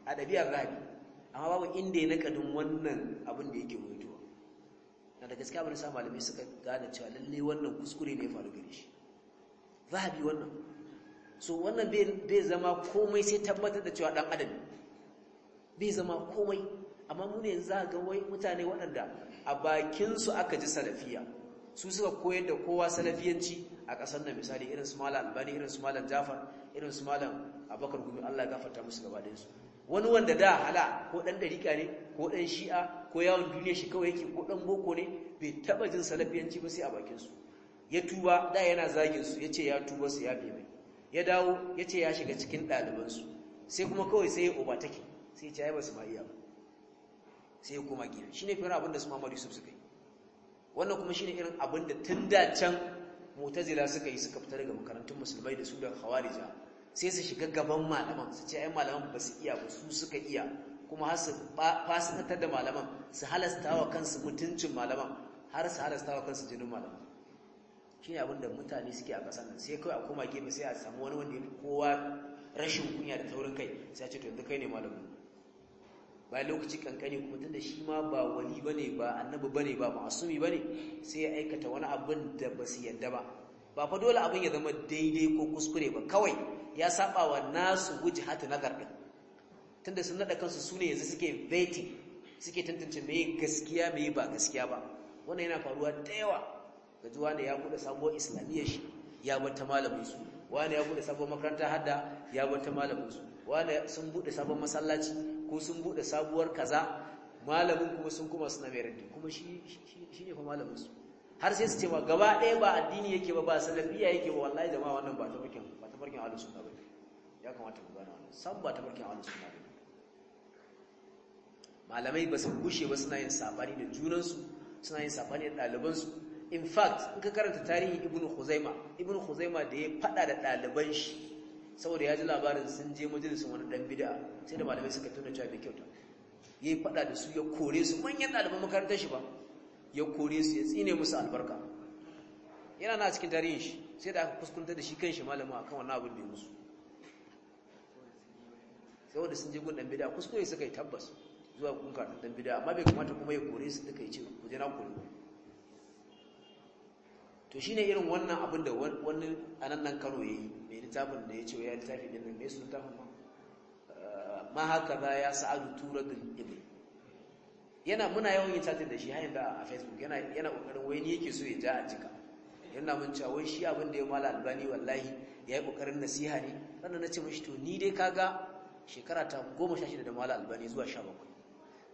a dabi'ar rabi amma babu inda ya nakadin wannan abin da yake mutuwa na da gaskiya bari sa malamai suka gane cewa lalle wannan kuskure ne ya faru gare shi rabi wannan so wannan bai zama komai sai tabbatar da cewa dan adam bai zama komai amma mu ne za ga wai mutane waɗanda a bakinsu aka ji salafiya su suka koyar da kowa salafiyanci a ƙasar nan misali irin su malam albani irin su malam jafar irin su malam abakar gumi Allah ya gafarta musu gaba ɗayansu wani wanda da hala ko ɗan ɗarika ne ko ɗan shi'a ko yawon duniya shi kawai yake ko ɗan boko ne bai taɓa jin salafiyanci ba sai a bakinsu ya tuba da yana zagin su ya ce ya tuba su ya mai ya dawo ya ce ya shiga cikin ɗalibansu sai kuma kawai sai ya oba take sai ya yi ba su ma iya ba sai ya koma gida shi ne fiye abin da su mamari su suka yi wannan kuma shi ne irin abin da tun da can mu'tazila suka yi suka fita daga makarantun musulmai da su da khawarija sai su shiga gaban malaman su ce ai malaman ba su iya ba su suka iya kuma har su fasinatar da malaman su halasta wa kansu mutuncin malaman har su halasta wa kansu jinin malaman shi ne abinda mutane suke a ƙasar nan sai kawai a koma gefe sai a samu wani wanda ya fi kowa rashin kunya da taurin kai sai a ce to yanzu kai ne malamin bayan lokaci kankani kuma tunda shi ma ba wali bane ba annabi bane ba ba bane sai ya aikata wani abin da ba su yadda ba ba fa dole abin ya zama daidai ko kuskure ba kawai ya saba wa nasu wujhatu nazar din tunda sun nada kansu sune yanzu suke vetting suke tantance meye gaskiya meye ba gaskiya ba wannan yana faruwa da yawa ga juwa da ya kuɗa sabuwar islamiyya shi ya bata malamin su wani ya buɗe sabon makaranta hadda ya bata malamin su wani sun buɗe sabon masallaci ko sun bude sabuwar kaza malamin kuma sun kuma suna mai raddi kuma shi ne fa malamin su har sai su ce ma gaba ɗaya ba addini yake ba ba salafiya yake ba wallahi jama'a wannan ba ta tafarkin ba tafarkin ahlus sunna ba ya kamata ku gane wannan san ba tafarkin ahlus sunna ba malamai ba su gushe ba suna yin safari da junansu suna yin safari da ɗalibansu in fact in ka karanta tarihin ibnu khuzaima ibnu khuzaima da ya faɗa da ɗaliban shi saboda ya ji labarin sun je majalisun wani dan bid'a sai da malamai suka tuna cewa bai kyauta Ya yi fada da su ya kore su manyan ɗaliban makarantar shi ba ya kore su ya tsine musu albarka yana na cikin tarihin shi sai da aka kuskunta da shi kan shi malamu a kan wani abin da ya musu saboda sun je gun dan bid'a kuskure suka yi tabbas zuwa kunkar dan bid'a amma bai kamata kuma ya kore su duka ya ce ku je na kore to shi ne irin wannan abin da wani anan nan Kano yi, mai littafin da ya ce ya littafi din nan mai su littafin ma eh, ma haka za ya sa'adu da ibi yana muna yawan yin satin da shi hanyar da a Facebook yana ƙoƙarin, kokarin wai ni yake so ya ja a jika yana mun cewa wai shi abin da ya mala albani wallahi ya yi kokarin nasiha ne sannan na ce mashi to ni dai kaga shekara ta goma sha shida da mala albani zuwa sha bakwai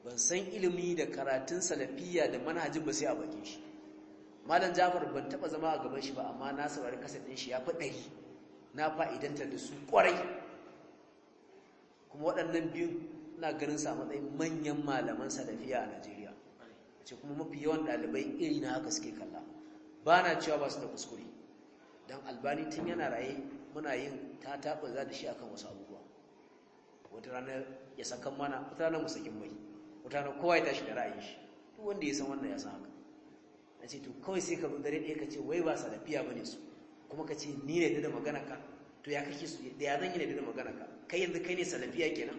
ban san ilimi da karatun salafiya da manhajin ba sai a bakin shi malam jafar ban taba zama a gaban shi ba amma na saurari kasa din shi ya fi ɗari na fa'idanta da su kwarai kuma waɗannan biyun na ganin sa matsayin manyan malaman salafiya a najeriya ce kuma mafi yawan ɗalibai iri na haka suke kalla ba na cewa ba su da kuskure don albani tun yana raye muna yin ta taɓa za da shi akan wasu abubuwa wata rana ya sakan mana wata rana musakin mai wata rana kowa ya tashi da ra'ayin shi duk wanda ya san wannan ya san haka na ce to kawai sai ka dare ɗaya ka ce wai ba salafiya ba ne su kuma ka ce ni ne da magana ka to ya kake su da ya zan yi da magana ka kai yanzu kai ne salafiya kenan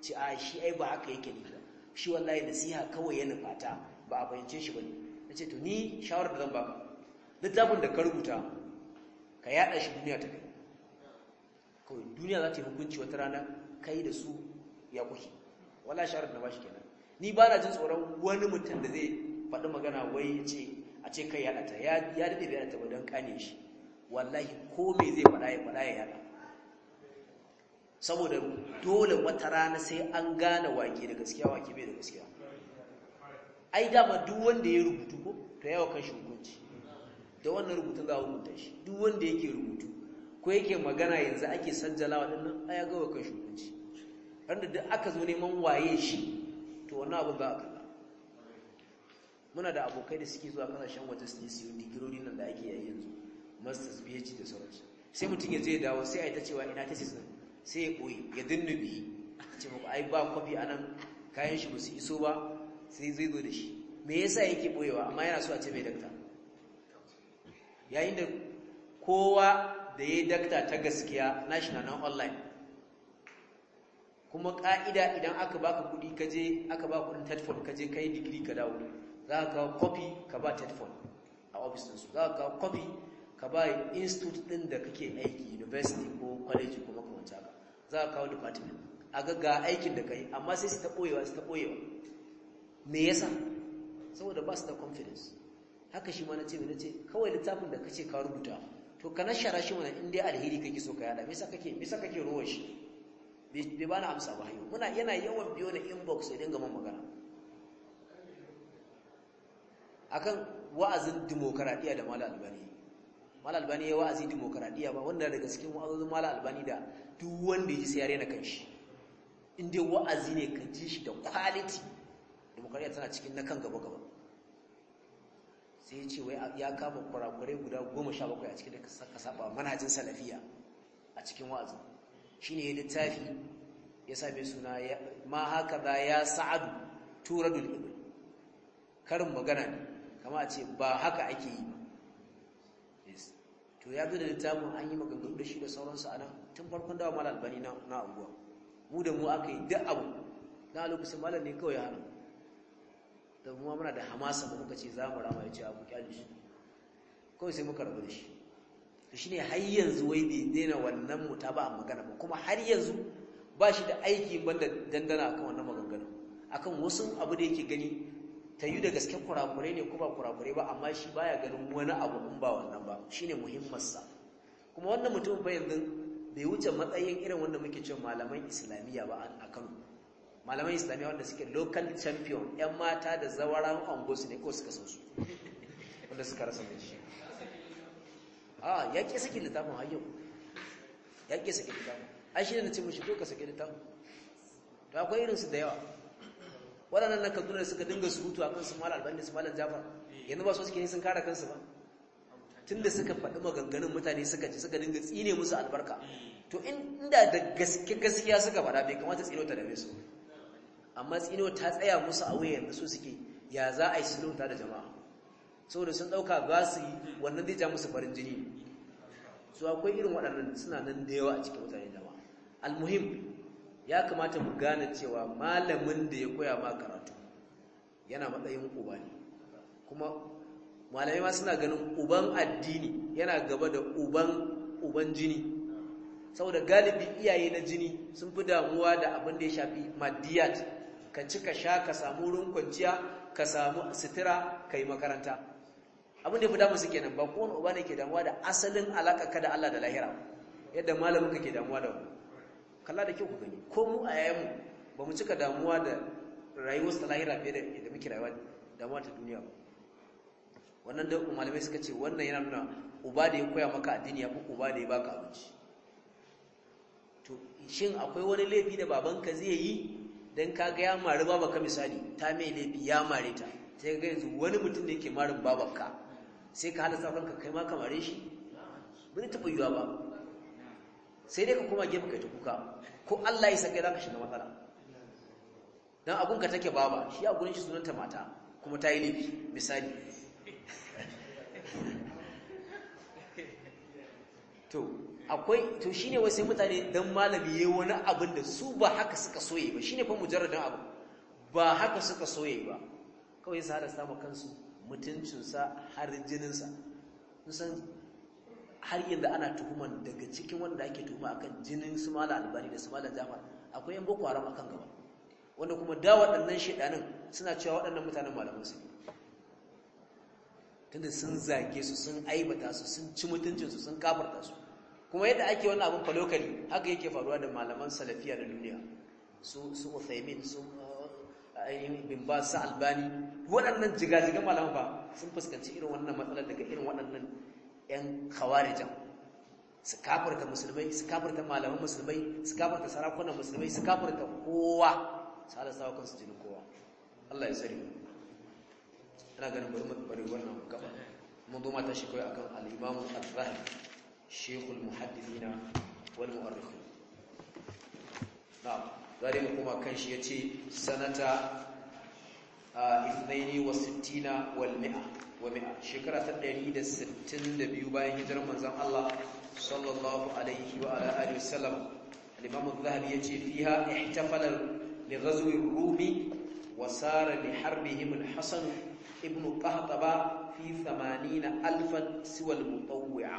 ce a shi ai ba haka yake ni ba shi wallahi nasiha kawai ya fata ba a fahimce shi ba ne. na ce to ni shawarar da zan baka littafin da ka rubuta ka yaɗa shi duniya ta kai kawai duniya za ta yi hukunci wata rana kai da su ya kuke wala shawarar da ba shi kenan ni ba na jin tsoron wani mutum da zai faɗi magana wai ya ce a ce kai yada ta ya daɗe da yada ta ba don kane shi wallahi ko me zai faɗa ya faɗa ya yada saboda dole wata rana sai an gane wake da gaskiya wake bai da gaskiya ai dama duk wanda ya rubutu ko to yawa kan shi hukunci da wannan rubutun za a hukunta shi duk wanda yake rubutu ko yake magana yanzu ake sajjala waɗannan ai ya gawa kan shi hukunci randa duk aka zo neman waye shi to wannan abu za a kan muna da abokai da suke zuwa kasashen waje su siyo digirori nan da ake yayin yanzu masters phd da sauransu sai mutum ya zai dawo sai a yi ta cewa ina ta sisan sai ya koyi ya dinnubi ce muku ai ba kwafi a nan kayan shi ba iso ba sai zai zo da shi me yasa yake koyewa amma yana so a ce mai dakta yayin da kowa da ya yi dakta ta gaskiya national nan online kuma ka'ida idan aka baka kudi kaje aka baka kudin tatford kaje kai digiri ka dawo za ka kawo kofi ka ba tetfon a ofisinsu za ka kawo kofi ka ba institute ɗin da kake aiki university ko college ko makamanta ka za ka kawo department a ga aikin da ka yi amma sai su ta ɓoyewa su ta ɓoyewa me yasa saboda ba su da confidence haka shi ma na ce na ce kawai littafin da kace ka rubuta to ka nashara shi mana in dai alheri kake so ka yada me yasa kake me yasa kake ruwan shi bai bana amsa ba hayo muna yana yawan biyo na inbox ya dinga mun magana akan wa'azin demokradiya da mala albani mala albani ya wa'azi demokradiya ba wanda daga cikin wa'azin mala albani da duk wanda ya ji sai ya rena kanshi in dai wa'azi ne ka ji shi da quality demokradiya tana cikin na kan gaba gaba sai ya ce wai ya kama kurakurai guda goma sha bakwai a cikin da ka saba manhajin salafiya a cikin wa'azin shine ne littafi ya same suna ma haka za ya sa'adu turadul ibn karin magana ne kama a ce ba haka ake yi ba to ya zo da littafin an yi maganganu da shi da sauransu a nan tun farkon dawa mala albani na unguwa mu da mu aka yi duk abu na lokacin malam ne kawai hana da mu muna da hamasa ba muka ce za mu rama ya ce abu kyali shi kawai sai muka rabu da shi to shine har yanzu wai bai daina wannan mu ta ba magana ba kuma har yanzu ba shi da aiki banda dandana akan wannan maganganu akan wasu abu da yake gani ta yi da gaske kurakurai ne ko ba kurakurai ba amma shi baya ganin wani abu in ba wannan ba shine muhimmansa kuma wannan mutum ba yanzu bai wuce matsayin irin wanda muke cewa malaman islamiyya ba a Kano malaman islamiyya wanda suke local champion yan mata da zawaran angos ne ko suka san su wanda suka rasa mai shi a ya ke saki littafin har yau ya ke saki littafin ai shi ne na ce mishi to ka saki littafin to akwai irinsu da yawa waɗannan na kaduna da suka dinga surutu a kan albani su malar jafar yanzu ba su suke sun kara kansu ba tun da suka faɗi maganganun mutane suka ci suka dinga tsine musu albarka to inda da gaske gaskiya suka faɗa bai kamata tsino ta dame su amma tsino ta tsaya musu a wayar da su suke ya za a yi sulunta da jama'a saboda sun ɗauka ba su yi wannan zai ja musu farin jini su akwai irin waɗannan suna nan da yawa a cikin mutane dama almuhim ya kamata mu gane cewa malamin da ya koya ma karatu yana matsayin uba ne kuma malamai ma suna ganin uban addini yana gaba da uban uban jini saboda galibi iyaye na jini sun fi damuwa da abin da ya shafi madiyat ka ci ka sha ka samu wurin kwanciya ka samu sutura ka yi makaranta abin da ya fi damu su kenan ba kowane uba ne ke damuwa da asalin alaka ka da Allah da lahira yadda malamin ka ke damuwa da wani kalla da kyau ku gani ko mu a yayin mu ba mu cika damuwa da rayuwar ta lahira fiye da da muke rayuwa damuwa ta duniya ba wannan da malamai suka ce wannan yana nuna uba da ya koya maka addini ya fi uba da ya baka abinci to shin akwai wani laifi da babanka zai yi dan ka ga ya mari babanka misali ta mai laifi ya mare ta sai ga yanzu wani mutum da yake marin babanka sai ka halatta kanka kai ma ka mare shi ba taɓa yiwuwa ba sai dai ka koma gefe kai ta kuka ko Allah ya sake zaka shiga matsala dan abun ka take baba shi a gurin shi sunanta mata kuma ta yi laifi misali to akwai to shine wai sai mutane dan malami yayi wani abin da su ba haka suka soye ba shine fa mujarradan abu ba haka suka soye ba kawai sai da sama kansu mutuncinsa har jininsa sun san har yanzu ana tuhuman daga cikin wanda ake tuhuma akan jinin su mala albani da su mala jafar akwai yan boko haram akan gaba wanda kuma da waɗannan shaidanin suna cewa waɗannan mutanen malaman su tunda sun zage su sun aibata su sun ci mutuncin su sun kafarta su kuma yadda ake wani abin falokali haka yake faruwa da malaman salafiya na duniya su su Uthaymin su uh, ainihin bin ba su albani waɗannan jigajigan malaman ba sun fuskanci irin wannan matsalar daga irin waɗannan 'yan khawarijan su kafirta musulmai su kafirta malaman musulmai su kafirta sarakunan musulmai su kafirta kowa su halasta wa kansu jinin kowa Allah ya sani ina ganin bari mu bari wannan gaba mun zo mata shi kawai akan al-Imam al-Zahiri Sheikhul Muhaddithina wal Mu'arrikhin na'am zare mu kuma kan shi yace sanata 62 wal 100 wa mi'a shekara ta 162 bayan hijirar manzon Allah sallallahu alaihi wa ala alihi wasallam al-imam az-zahabi yace fiha ihtafala li ghazwi ar-rumi wa sara li harbihim Hassan ibn qahtaba fi 80000 siwa al-mutawwi'a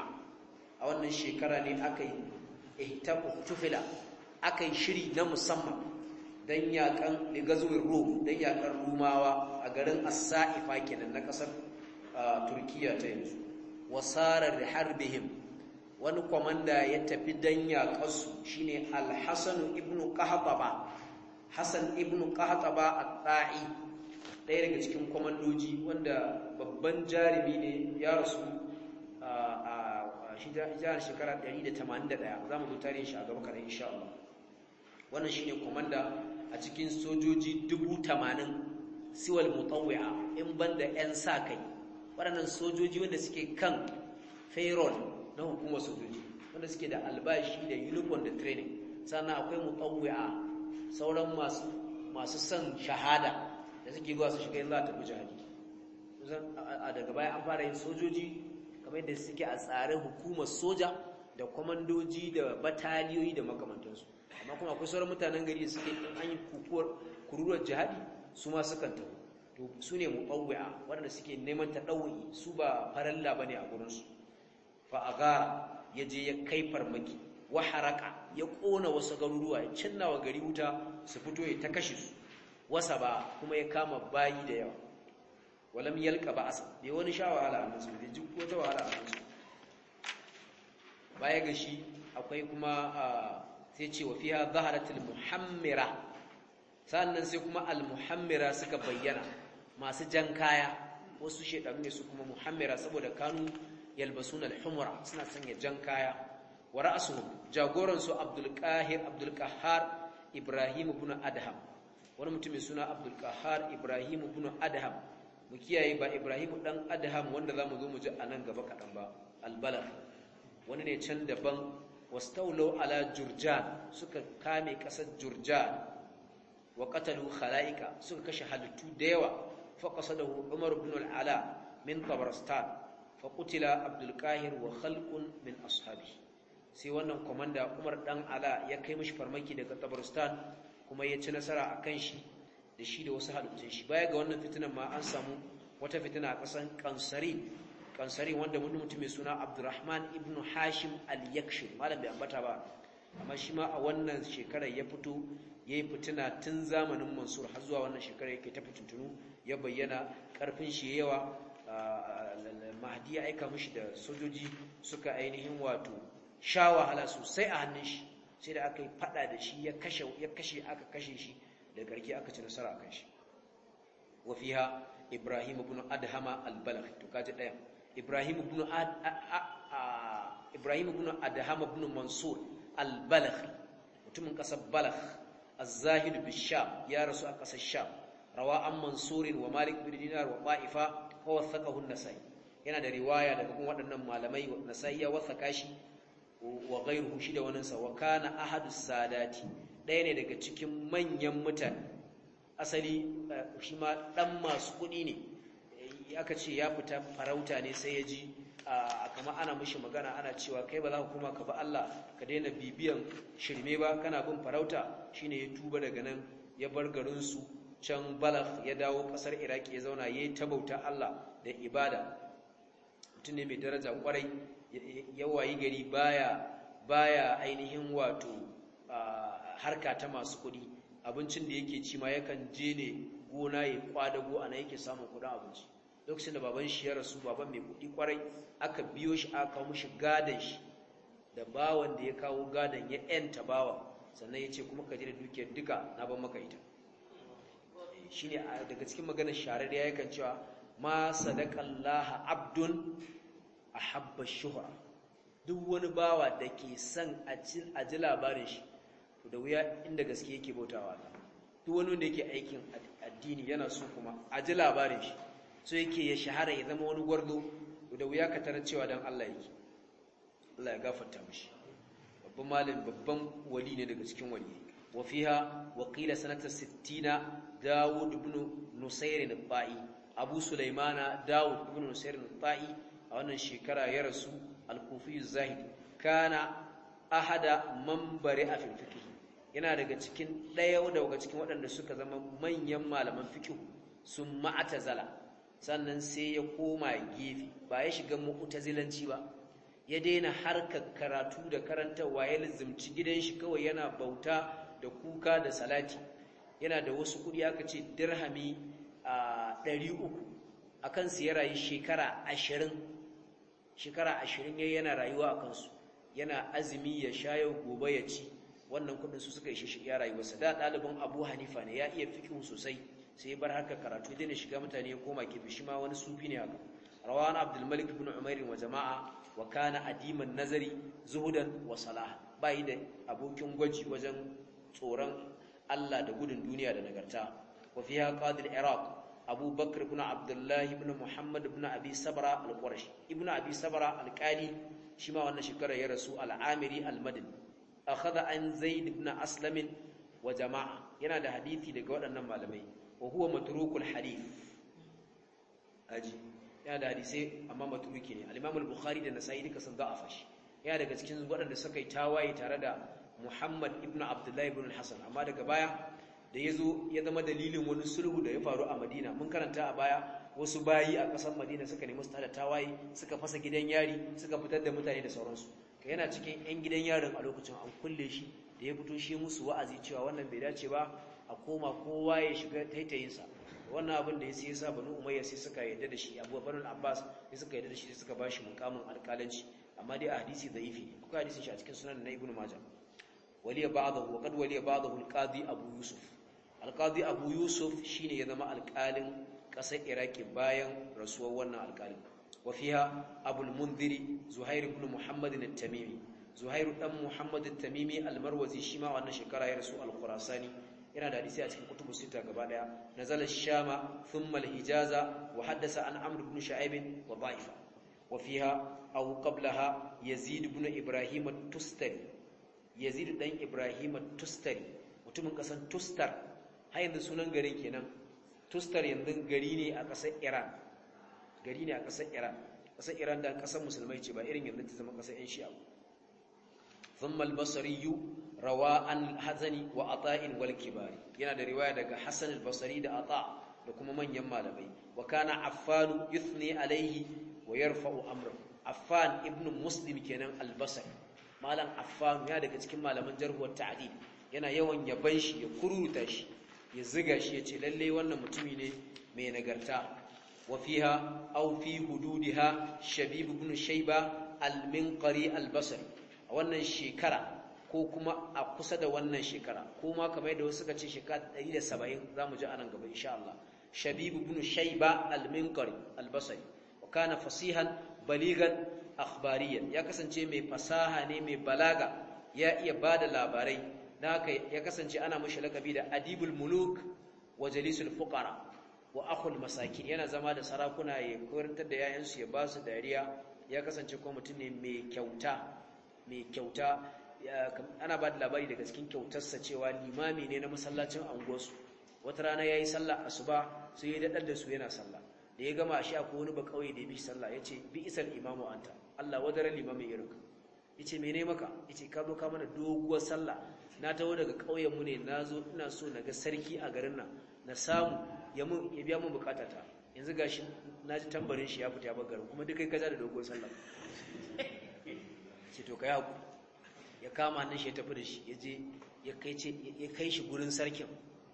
a wannan shekara ne akai ihtafu tufila akai shiri na musamman dan yakan li rumawa a garin as-sa'ifa kenan na kasar turkiya ta yanzu wasarar harbihim wani kwamanda ya tafi dan yaƙarsu shine alhassan ibn qahtaba hassan ibn qahtaba a tai ɗaya daga cikin kwamandoji wanda babban jarumi ne ya rasu a jihar shekara 181 za mu zo tarihin shi a gaba kaɗan insha Allah wannan shine kwamanda a cikin sojoji 80,000 siwal mutawwi'a in banda 'yan sa kai waɗannan sojoji wanda suke kan fayron na hukumar sojoji wanda suke da albashi da uniform da training sannan akwai a sauran masu son shahada da suke zuwa su shiga za a fi jihadi daga baya an fara yin sojoji kamar yadda suke a tsarin hukumar soja da kwamandoji da bataliyoyi da makamantansu amma kuma akwai sauran mutanen gari suke an yi kururuwar jihadi su ma sukan tafi To su ne muɓawwa waɗanda suke neman ta ɗauyi su ba faralla ba ne a gurinsu Fa a ga ya je ya kai farmaki wa haraka ya ƙona wasu garuruwa ya cinna wa gari wuta su fito ya ta kashe su wasa ba kuma ya kama bayi da yawa walam yalka ba asa bai wani sha wahala a nasu bai ji wata wahala a nasu baya ga shi akwai kuma sai ce wa fiha zaharatul muhammira sannan sai kuma al muhammira suka bayyana masu jan kaya wasu shekaru ne su kuma muhammira saboda kanu yalbasu na humra suna sanya jan kaya wa ra'asuhum jagoran su abdul ibrahim ibn adham wani mutumin suna abdulkahar ibrahim ibn adham mu kiyaye ba ibrahim dan adham wanda za mu zo mu ji a nan gaba kaɗan ba al wani ne can daban wastaulau ala jurjan suka kame kasar jurjan wa qatalu khalaika suka kashe halittu da yawa فقصده عمر بن العلاء من طبرستان فقتل عبد القاهر وخلق من أصحابه sai wannan komanda Umar dan Ala ya kai mishi farmaki daga Tabaristan kuma ya ci nasara a kan shi da shi da wasu halittun shi baya ga wannan fitinan ma an samu wata fitina a ƙasan Kansari wanda wani mutum mai suna Abdurrahman ibn Hashim al-Yakshim malam bai ambata ba amma shi ma a wannan shekarar ya fito yayi fitina tun zamanin Mansur har zuwa wannan shekarar yake ta fitintunu ya bayyana karfin shi yawa ah, mahdi ya aika mishi da sojoji suka ainihin wato sha wahala sosai a hannun shi sai da aka yi fada da shi ya kashe aka kashe shi da karki aka ci nasara akan shi wa ibrahim ibn adhama al to kaje daya ibrahim ibn ibrahim ibn ibn mansur al mutumin kasar balakh az-zahid bi-sham ya rasu a kasar sham rawa an mansurin wa malik bin dinar wa ba'ifa wa wasaqahu an-nasai yana da riwaya daga kuma waɗannan malamai nasai ya wasaka shi wa ghayruhu shi da wannan sa wa kana ahadu sadati ɗaya ne daga cikin manyan mutane asali shi ma dan masu kuɗi ne aka ce ya fita farauta ne sai ya ji kama ana mishi magana ana cewa kai ba za ka kuma ka ba Allah ka daina bibiyan shirme ba kana bin farauta shine ya tuba daga nan ya bar garinsu can balagh ya dawo kasar iraki ya zauna ya yi bauta Allah da ibada mutum ne mai daraja kwarai ya wayi gari baya baya ainihin wato harka ta masu kuɗi abincin da yake ci ma yakan je ne gona ya kwadago ana yake samun kuɗin abinci lokacin da baban shi ya rasu baban mai kuɗi kwarai aka biyo shi aka kawo mishi gadon shi da bawan da ya kawo gadon ya yanta bawa, sannan ya ce kuma ka je da dukiyar duka na ban maka ita shine daga cikin maganar sharar ya yakan cewa ma sadaqallaha abdun ahabba shuhra duk wani bawa da ke son a ji labarin shi to da wuya inda gaske yake bautawa ta duk wani wanda yake aikin addini yana so kuma a ji labarin shi so yake ya shahara ya zama wani gwardo da wuya ka tarar cewa dan Allah yake Allah ya gafarta mishi babban malin babban wali ne daga cikin wali وفيها وقيل سنة ستين داود بن نصير الطائي أبو سليمان داود بن نصير الطائي shekara ya يرسو الكوفي الزاهد كان أحد من برئ في الفقه yana daga cikin ɗaya daga cikin waɗanda suka zama manyan malaman fiqh sun ma'atazala sannan sai ya koma gefe ba ya shiga mu'tazilanci ba ya daina harkar karatu da karanta ya gidan shi kawai yana bauta da kuka da salati yana da wasu kudi aka ce dirhami a 300 akan su ya rayu shekara ashirin shekara 20 yayi yana rayuwa akan su yana azumi ya sha yau gobe ya ci wannan kudin su suka ishe shi ya da ɗaliban Abu Hanifa ne ya iya fiqh sosai sai bar haka karatu dai ya shiga mutane ya koma kifi shi ma wani sufi ne haka rawana Abdul Malik ibn wa jama'a wa kana adiman nazari zuhudan wa salah bai da abokin gwaji wajen tsoron Allah da gudun duniya da nagarta wa fiha qadi al-iraq Abu Bakr ibn Abdullah ibn Muhammad ibn Abi Sabra al-Qurashi ibn Abi Sabra al-Qali shi ma wannan shekarar ya rasu al-Amiri al-Madani akhadha an Zaid ibn Aslam wa jama'a yana da hadisi daga waɗannan malamai wa huwa matrukul hadith aji yana da hadisi amma matruki ne al-Imam al-Bukhari da Nasa'i duka sun da'afa shi yana daga cikin waɗanda suka yi tawaye tare da muhammad ibn abdullahi ibn hassan amma daga baya da ya zo ya zama dalilin wani sulhu da ya faru a madina mun karanta a baya wasu bayi a ƙasar madina suka nemi su tada tawaye suka fasa gidan yari suka fitar da mutane da sauransu ka yana cikin 'yan gidan yarin a lokacin an kulle shi da ya fito shi musu wa'azi cewa wannan bai dace ba a koma kowa ya shiga taitayinsa wannan abin da ya sai sa banu umayya sai suka yarda da shi abu banu abbas sai suka yarda da shi sai suka bashi mukamin alƙalanci amma dai a hadisi dhaifi akwai hadisin shi a cikin sunan na ibnu majah waliya ba'dahu wa qad waliya ba'dahu al-qadi abu yusuf al-qadi abu yusuf shine ya zama alƙalin ƙasar iraki bayan rasuwar wannan alƙalin wa fiha abul mundhiri zuhair ibn muhammad at-tamimi zuhair dan muhammad at-tamimi al-marwazi shima wannan shekara ya rasu al-khurasani yana da hadisi a cikin kutubu sita gaba daya nazala shama thumma al-hijaza wa haddasa an amr ibn shu'aib wa da'ifa wa fiha aw qablaha yazid ibn ibrahim at-tustari yazid dan Ibrahima tustari mutumin kasan tustar har yanzu sunan garin kenan tustar yanzu gari ne a kasar iran gari ne a kasar iran kasar iran da kasar musulmai ce ba irin yanzu ta zama kasar yan shi'a ثم البصري hazani wa atain wal kibari yana da riwaya daga Hassan al-Basri da Ata da kuma manyan malamai wa kana Affan yuthni alaihi wa yarfa'u amrahu Affan ibn Muslim kenan al-Basri malam affan ya daga cikin malaman jarhuwar ta'adil yana yawan yaban shi ya kuruta shi ya ziga shi ya ce lalle wannan mutumi ne mai nagarta wa fiha aw fi hududiha shabib ibn shayba al-minqari al a wannan shekara ko kuma a kusa da wannan shekara ko kamar yadda wasu suka ce shekara 170 zamu ji anan gaba insha Allah shabib ibn shayba al-minqari al-basri wa kana fasihan baligan akhbariyya ya kasance mai fasaha ne mai balaga ya iya bada labarai ya kasance ana mushi lakabi da adibul muluk wa jalisul fuqara wa akhul masakin yana zama da sarakuna ya korantar da yayansu ya basu dariya ya kasance ko mutum ne mai kyauta mai kyauta ana bada labari daga cikin kyautarsa cewa limami ne na masallacin unguwarsu wata rana yayi sallah asuba sai ya dadar da su yana sallah da ya gama shi ko wani ba kauye da ya bi sallah ya ce bi isar imamu anta Allah wadara limamin mai yarka yace mene maka yace ka zo ka mana doguwar sallah na taho daga ƙauyen mu ne nazo ina so naga sarki a garin nan na samu ya mun ya biya mun bukatata yanzu gashi na ji tambarin shi ya fita ba garin kuma duk kai kaza da doguwar sallah ce to kai haku ya kama nan shi ya tafi da shi ya je ya kai ce ya kai shi gurin sarkin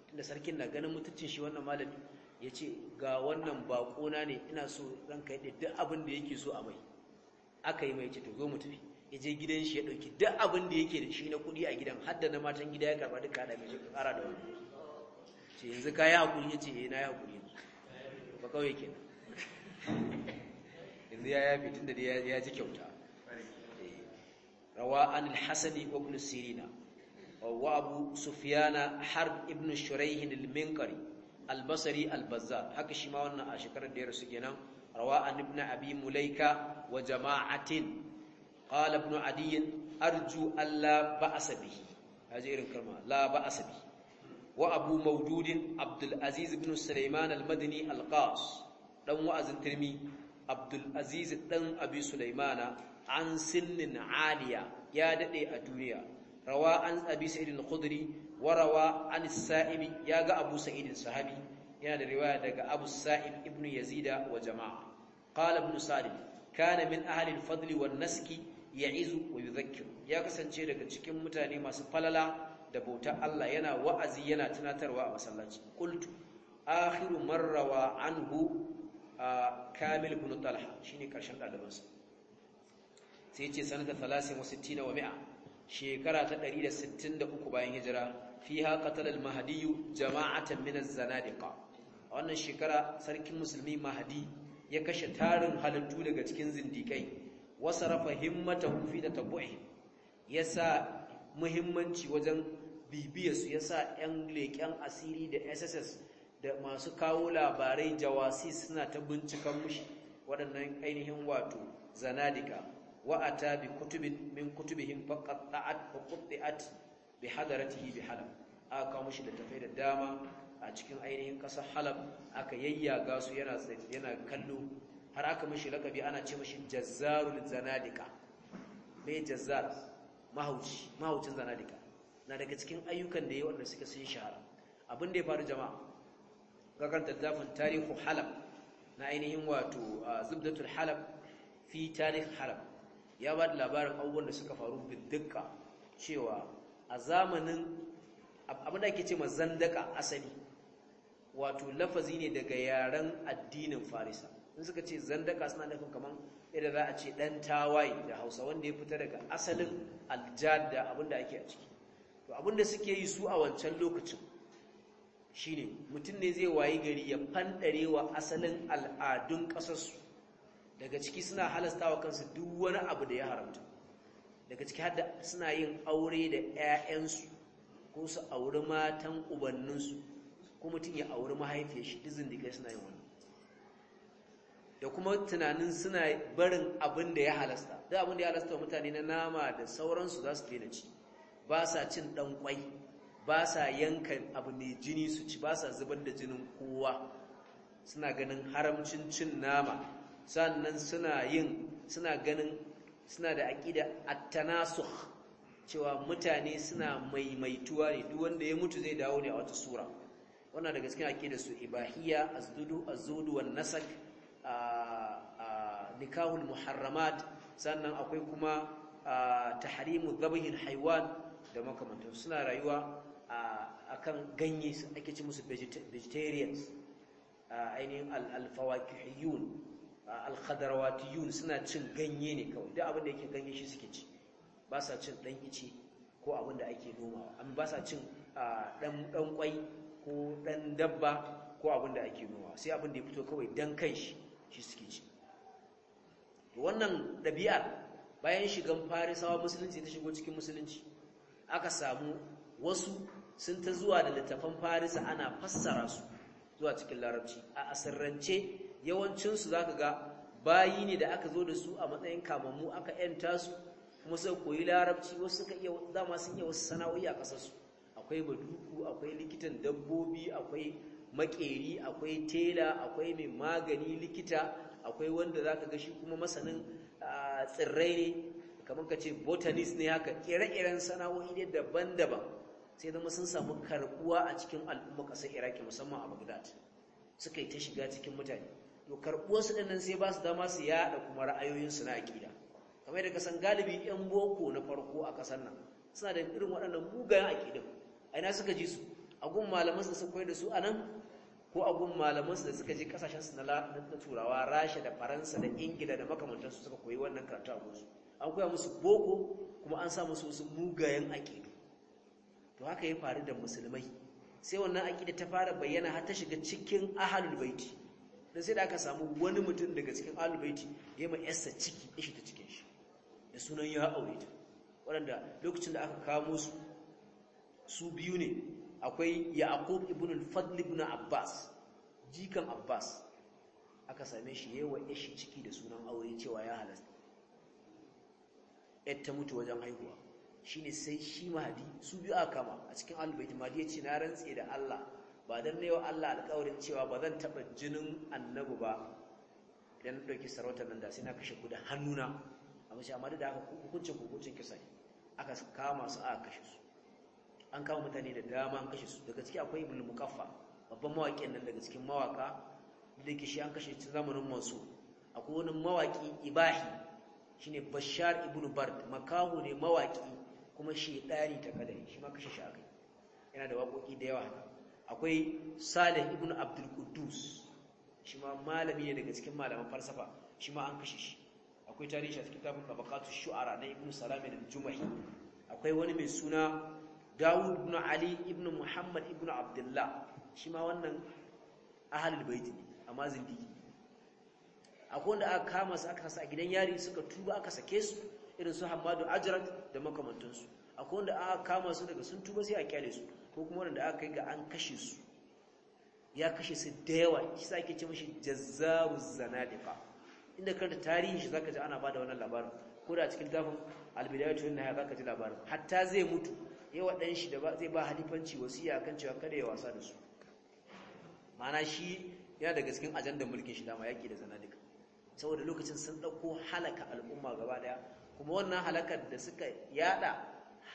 tunda sarkin na ganin mutuncin shi wannan malami yace ce ga wannan baƙona ne ina so ranka yadda duk abin da yake so a mai aka yi mai ce to zo mu tafi ya je gidan shi ya ɗauki duk abin da yake da shi na kuɗi a gidan Hadda na matan gida ya karba duka da mai kara da wani ce yanzu ka yi hakuri ya ce ya eh, na yi haƙuri ba kawai ke yanzu ya yafi tun da ya ji kyauta eh, rawa an alhassani ibn sirina wa abu sufiyana har ibn shuraihin al-minkari albasari albazar haka shi ma wannan a shekarar da ya rasu kenan rawa an ibn abi mulaika wa jama'atin qala ibn adiy arju allah ba'asabihi haje irin kalma la ba'asabi wa abu mawjud abd alaziz ibn sulaiman almadini alqas dan wa'azin turmi abd alaziz dan abi sulaiman an sinnin aliya ya dade a duniya rawa an abi sa'id alqudri wa rawa an sa'ibi ya ga abu sa'id sahabi yana da riwaya daga abu sa'id ibn yazida wa jama'a qala ibn kana min ahlil fadli wan naski ya'izu wa yudhakkiru ya kasance daga cikin mutane masu falala da bautar Allah yana wa'azi yana tunatarwa a masallaci qultu akhiru marrawa anhu kamil ibn talha shine karshen dalibansa sai yace sanata 63 wa mi'a shekara ta 163 bayan hijira fiha qatala al-mahdi jama'atan min az-zanadiqa a wannan shekara sarkin musulmi mahdi ya kashe tarin halittu daga cikin zindikai wasa rafa himmata hufi da tabo'i ya sa muhimmanci wajen bibiyarsu ya sa 'yan leƙen asiri da sss da masu kawo labarai jawasi suna ta binciken mushi waɗannan ainihin wato zanadika ta bi kutubin min kutubihim faqat bi hadaratihi bi halam aka mushi da tafai da dama a cikin ainihin ƙasar halab aka yayyaga su yana yana kallo har aka mashi lakabi ana ce mashi jazzarul zanadika mai jazzar mahauci mahaucin zanadika na daga cikin ayyukan da yawan da suka sun shahara abin da ya faru jama'a kan tattafin tarihu halab na ainihin wato zubdatul halab fi tarih halab ya ba da labarin abubuwan da suka faru bidduka cewa a zamanin abin da ake ce ma zandaka asali wato lafazi ne daga yaren addinin farisa in suka ce zandaka suna nufin kamar yadda za a ce dan tawaye da hausa wanda ya fita daga asalin aljada abinda ake a ciki to abinda suke yi su a wancan lokacin shine mutum ne zai wayi gari ya fanɗare wa asalin al'adun ƙasarsu daga ciki suna halasta wa kansu duk wani abu da ya haramta daga ciki har suna yin aure da 'ya'yansu ko su auri matan ubanninsu ko mutum ya auri mahaifiyar shi duk suna yi wani. da kuma tunanin suna barin abin da ya halasta Da abin da ya halasta mutane na nama da sauransu za su daina ci ba sa cin dan kwai ba sa yanka abu mai jini su ci ba sa zubar da jinin kowa suna ganin haramcin cin nama sannan suna yin suna ganin suna da aƙida at cewa mutane suna maimaituwa ne duk wanda ya mutu zai dawo ne a wata sura wannan daga cikin ake da su ibahiyya azdudu azdudu wan nasak nikahul muharramat sannan akwai kuma tahrimu dhabhil haywan da makamanta suna rayuwa akan ganye ake ci musu vegetarians ainihin al-fawakihiyun al-khadarawatiyun suna cin ganye ne kawai duk abin da yake ganye shi suke ci ba sa cin dan ice ko abin da ake nomawa amma ba sa cin dan kwai ko ɗan dabba ko abin da ake nowa sai abin da ya fito kawai dan kan shi shi suke ci wannan ɗabi'ar bayan shigan farisawa musulunci ta shigo cikin musulunci aka samu wasu sun ta zuwa da littafan farisa ana fassara su zuwa cikin larabci a asirrance yawancinsu za ka ga bayi ne da aka zo da su a matsayin kamammu aka yanta su kuma suka koyi larabci wasu suka iya sun iya wasu sana'o'i a ƙasarsu akwai maduku akwai likitan dabbobi akwai makeri akwai tela akwai mai magani likita akwai wanda zaka ga gashi kuma masanin tsirrai ne kamar ka ce botanist ne haka ire-iren sana'o'i ne daban-daban sai zama sun samu karbuwa a cikin al'umma ƙasar iraki musamman a bagdad suka yi ta shiga cikin mutane to karbuwarsu ɗin nan sai ba su dama su yaɗa kuma ra'ayoyinsu na aƙida kamar yadda kasan galibi 'yan boko na farko a ƙasar nan suna da irin waɗannan mugayen aƙidan aina suka ji su a gun malaman da suka koyar da su anan ko a gun malaman da suka je kasashen su na turawa rasha da faransa da ingila da makamantansu suka koyi wannan karatu a gunsu an koya musu boko kuma an sa musu wasu mugayen aƙidu to haka ya faru da musulmai sai wannan aƙida ta fara bayyana har ta shiga cikin ahalul baiti dan sai da aka samu wani mutum daga cikin ahalul baiti ya ma yarsa ciki ishi ta cikin shi da sunan ya aure ta waɗanda lokacin da aka kamo su su biyu ne akwai yaqub ibn al-fadl ibn abbas jikan abbas aka same shi yayi wa ciki da sunan aure cewa ya halasta yar ta mutu wajen haihuwa shine sai shi mahadi su biyu aka kama a cikin al bayt mahdi ya ce na rantse da Allah ba dan ne wa Allah alƙawarin cewa ba zan taba jinin annabi ba idan na ɗauki sarautar nan da sai na kashe ku da hannuna amma shi amma da haka hukuncin hukuncin kisa aka kama su aka kashe su an kama mutane da dama an kashe su daga ciki akwai ibn mukaffa babban mawaki nan daga cikin mawaka da ke an kashe cikin zamanin masu akwai wani mawaƙi ibahi shine bashar ibn bard makahu ne mawaƙi kuma shi ɗari ta kadari shi ma kashe shi akai yana da waƙoƙi da yawa akwai salih ibn abdul quddus shi ma malami ne daga cikin malaman falsafa shi ma an kashe shi akwai tarihi a cikin tabaqatu shu'ara na ibn salam al-jumahi akwai wani mai suna Dawud ibn Ali ibn Muhammad ibn Abdullah shi ma wannan ahlul bait ne amma zindigi akwai wanda aka kama su aka sa gidan yari suka tuba aka sake su irin su Hammadu Ajrat da makamantansu akwai wanda aka kama su daga sun tuba sai a kyale su ko kuma wanda aka kai ga an kashe su ya kashe su da yawa shi sa ake ce mashi jazzaru zanadiqa inda karanta tarihin shi zaka ji ana bada wannan labarin ko da cikin dafin albidayatu na ya zaka ji labarin hatta zai mutu yawa ɗan shi da zai ba halifanci wasiya kan cewa kada ya wasa da su mana shi yana daga cikin ajandar mulkin shi dama yaƙi da zana zanadika saboda lokacin sun ɗauko halaka al'umma gaba ɗaya kuma wannan halakar da suka yada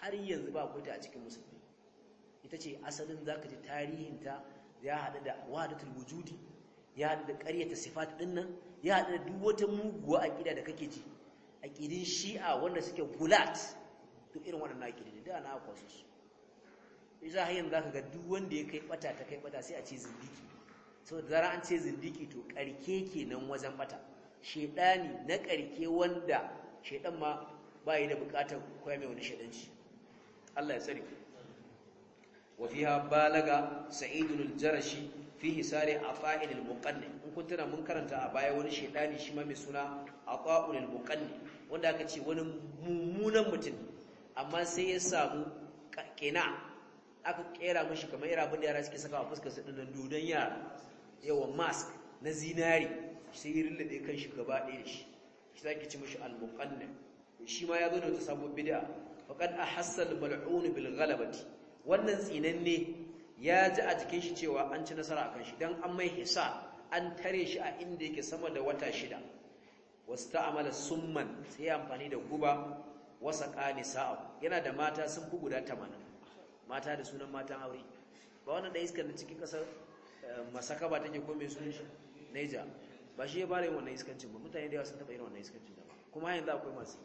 har yanzu ba kuta a cikin musulmi ita ce asalin za ka ji tarihinta ya haɗu da wadatul wujudi ya haɗu da ƙaryata sifat ɗin nan ya haɗu da duk wata muguwa a aƙida da kake ji aƙidin shi'a wanda suke gulat to irin waɗannan akidin da na akwai su iza a yanzu za ga duk wanda ya kai bata ta kai bata sai a ce zindiki sau da zara an ce zindiki to karke kenan wajen bata shedani na karke wanda shedan ma ba yi da bukatar kwaya mai wani shi. Allah ya wa fiha balaga sa'idul jarashi fi hisari a fa'ilil muƙanni in kun tana mun karanta a baya wani shedani shi ma mai suna a ƙa'ulil wanda aka ce wani mummunan mutum amma sai ya samu kena aka kera mashi kamar irin abin da yara suke a fuskar su dinnan dodon yara yawa mask na zinari sai ya rullube kan shi gaba ɗaya shi shi ki ci mashi al shi ma ya zo da samun sabuwar bid'a a Hassan hassan bala'uni bil galabati. wannan tsinanne ya ji a cikin shi cewa an ci nasara akan shi don an mai hisa an tare shi a inda yake sama da wata shida Wasu wasta'amala summan sai amfani da guba wasa ƙani sa'ahu yana da mata sun fi guda tamanin mata da sunan matan aure ba wannan da iskan da cikin ƙasar eh, masaka ba take ko mai sunan shi naija ba shi ya bare wannan iskancin ba mutane da yawa sun taɓa irin wannan iskancin da ba kuma yanzu akwai masu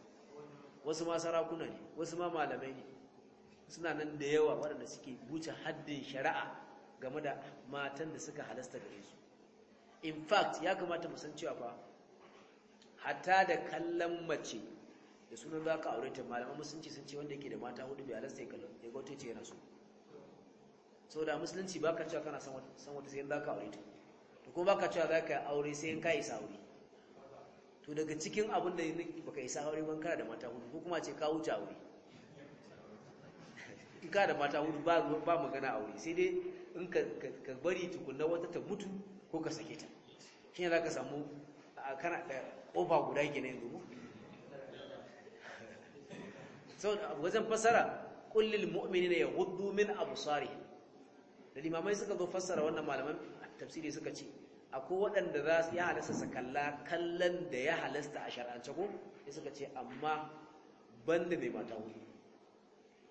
wasu ma sarakuna ne wasu ma malamai ne suna nan da yawa waɗanda suke wuce haddin shari'a game da matan da suka halasta gare su in fact ya kamata mu san cewa fa hatta da kallon mace da sunan za ka aure ta malaman musulunci sun ce wanda yake da mata hudu bai halasta ya kallon ya gwata ce yana so sau da musulunci ba ka cewa kana san wata sai za ka aure ta to ko ba ka cewa za ka aure sai ka isa aure to daga cikin abin da baka isa aure ban kana da mata hudu ko kuma ce ka wuce aure in ka da mata hudu ba magana aure sai dai in ka bari tukunna wata ta mutu ko ka sake ta shi ne za ka samu kana da ƙofa guda gina yanzu wajen fasara kullil mu'minina yaghuddu min absarihim da limamai suka zo fassara wannan malaman tafsiri suka ce akwai waɗanda za su ya halasta su kalla kallon da ya halasta a shar'ance ko sai suka ce amma banda mai mata hudu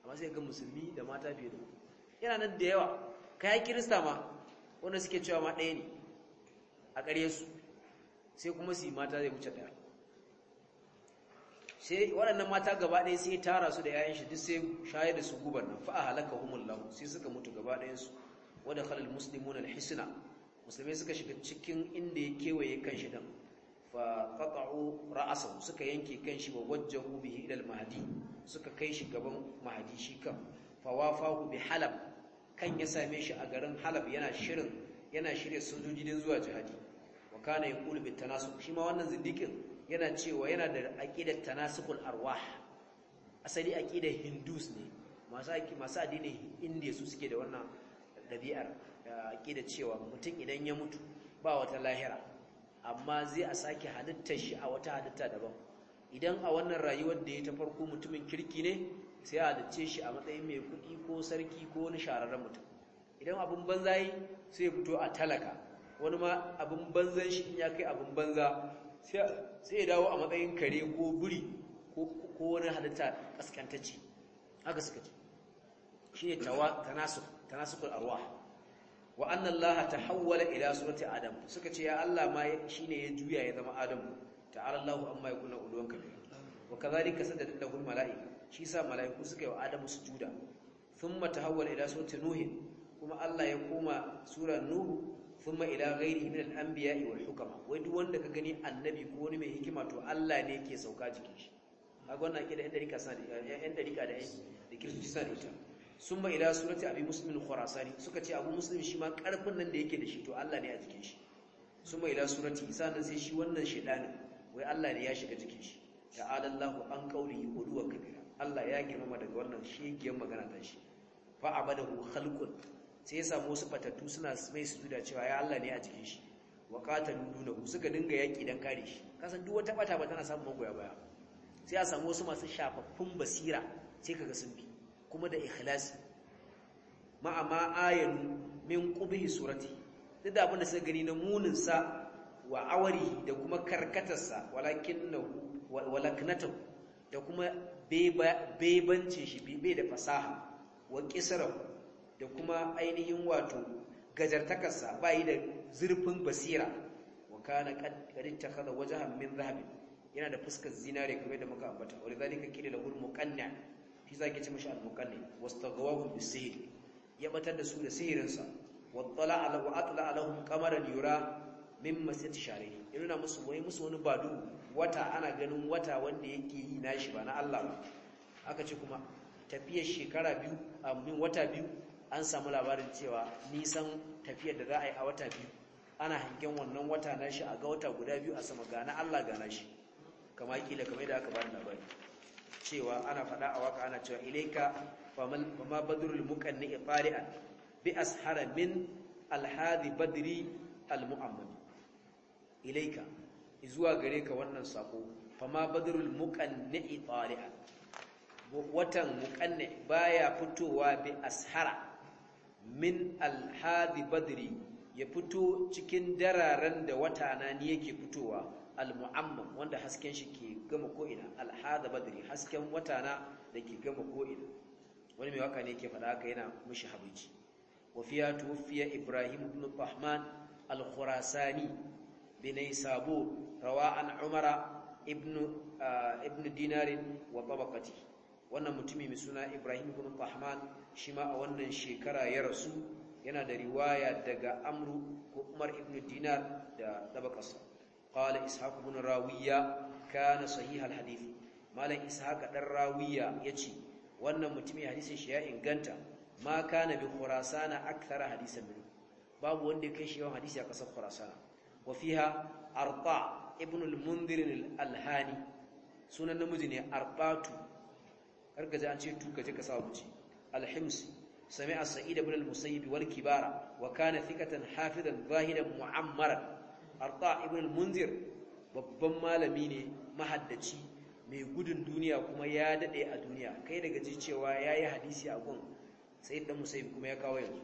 amma sai ga musulmi da mata fiye da hudu yana nan da yawa kaya kirista ma wanda suke cewa ma ɗaya ne a ƙaryarsu sai kuma su yi mata zai wuce ɗaya sai waɗannan mata gaba ɗaya sai tara su da yayan shi duk sai shayar da su guban nan fa halaka humullahu sai suka mutu gaba ɗayan su wa musulmi almuslimuna hisina musulmi suka shiga cikin inda ya kewaye kanshi shi fa qata'u ra'asa suka yanke kan shi wa wajjahu hubi idal mahadi suka kai shi gaban mahadi shi kan fa wafahu bi halab kan ya same shi a garin halab yana shirin yana shirya sojoji don zuwa jihadi wa kana yaqulu tanasu shi ma wannan zindikin yana cewa yana da aqidar tanasukul arwah asali aqidar hindus ne masu aiki masu addinin indiya su suke da wannan dabi'ar eh, aqidar cewa mutum idan ya mutu ba wata lahira amma zai a sake halittar shi a wata halitta daban idan a wannan rayuwar da ya ta farko mutumin kirki ne sai a halitce shi a matsayin mai kuɗi ko sarki ko wani shararren mutum idan abin banza yi sai fito a talaka wani ma abin banzan shi in ya kai abin banza sai ya dawo a matsayin kare ko buri ko wani halitta kaskantacce haka suka ce shi ne tanasukul arwa wa annan laha ta hawwala ila surati adam suka ce ya Allah ma shi ne ya juya ya zama adam ta'ala Allahu amma ya kuna uluwan kabira wa kazalika sadda da hul mala'i shi sa mala'iku suka yi wa adamu sujuda thumma hawwala ila surati nuhin kuma Allah ya koma sura nuhu thumma ila ghairihi min al-anbiya'i wal hukama wai duk wanda ka gani annabi ko wani mai hikima to Allah ne ke sauka jikin shi kaga wannan akida yan dariƙa da yan dariƙa da da kiristoci sa da ita summa ila surati abi muslim khurasani suka ce abu muslim shi ma ƙarfin nan da yake da shi to Allah ne a jikin shi summa ila surati isa nan sai shi wannan shedanin wai Allah ne ya shiga jikin shi ta'ala Allahu an yi uluwa kabira Allah ya girmama daga wannan shegiyar magana ta shi fa abadahu khalqun sai ya samu wasu fatattu suna mai su da cewa ya Allah ne a jikin shi wa nuna ku suka dinga yaki dan kare shi kasan duk wata bata ba tana samun magoya baya sai a samu wasu masu shafaffun basira sai kaga sun bi kuma da ikhlasi ma amma ayanu min qubhi surati duk da abin da suka gani na munin sa wa awari da kuma karkatarsa walakinahu walaknatahu da kuma bebancin shi bebe da fasaha wa kisrahu da kuma ainihin wato gajartakarsa ba yi da zurfin basira wa kana kadin ta kada waje min zahabin yana da fuskar zinare kamar da muka ambata wani ka kira da hul mukanna shi ki ci mashi al muqanna wastaghawahu bisihr ya batar da su da sihirinsa wa tsala ala wa atla yura min masu share shari yana musu wani musu wani badu wata ana ganin wata wanda yake yi nashi ba na Allah ba aka ce kuma tafiyar shekara biyu a min wata biyu an samu labarin cewa nisan tafiyar da za a yi a wata biyu ana hangen wannan wata na shi a ga wata guda biyu a sama gana Allah gana shi kama kila kamar da aka ba labari cewa ana faɗa a waka ana cewa ilaika fama badrul muqanni ifari'an bi ashara min alhadi badri almu'ammal ilaika zuwa gare ka wannan sako fama badrul muqanni ifari'an watan muqanni baya fitowa bi ashara min alhadi badri ya fito cikin dararen da wata na ni yake fitowa almu'amman wanda hasken shi ke gama ko'ina alhadi badri hasken wata na da ke gama ko'ina wani mai waka ne ke faɗa haka yana mushi habici wafiya tuwafiya ibrahim ibn bahman al-khurasani binai sabo rawa an umara ah, ibn dinarin wa babakati wannan mutumi mai suna Ibrahim ibn Fahman, shi ma a wannan shekara ya rasu yana da riwaya daga Amru ko Umar ibn Dinar da tabaqasa qala Ishaq ibn Rawiya kana sahih al-hadith malam Ishaq dan Rawiya yace wannan mutumi hadisin shi ya inganta ma kana bi Khurasana akthara hadisan min babu wanda ya kai shi yawan hadisi a kasar Khurasana wa fiha Arqa ibn al-Mundhir al-Alhani sunan namiji ne Arbatu. har karkaje an ce tukaje ka sa wuce al sami'a sa'id ibn al-musayyib wal kibara wa kana thiqatan hafidan zahidan mu'ammara arta ibn al-munzir babban malami ne mahaddaci mai gudun duniya kuma ya dade a duniya kai daga ji cewa yayi hadisi a gun sa'id ibn musayyib kuma ya kawo yanzu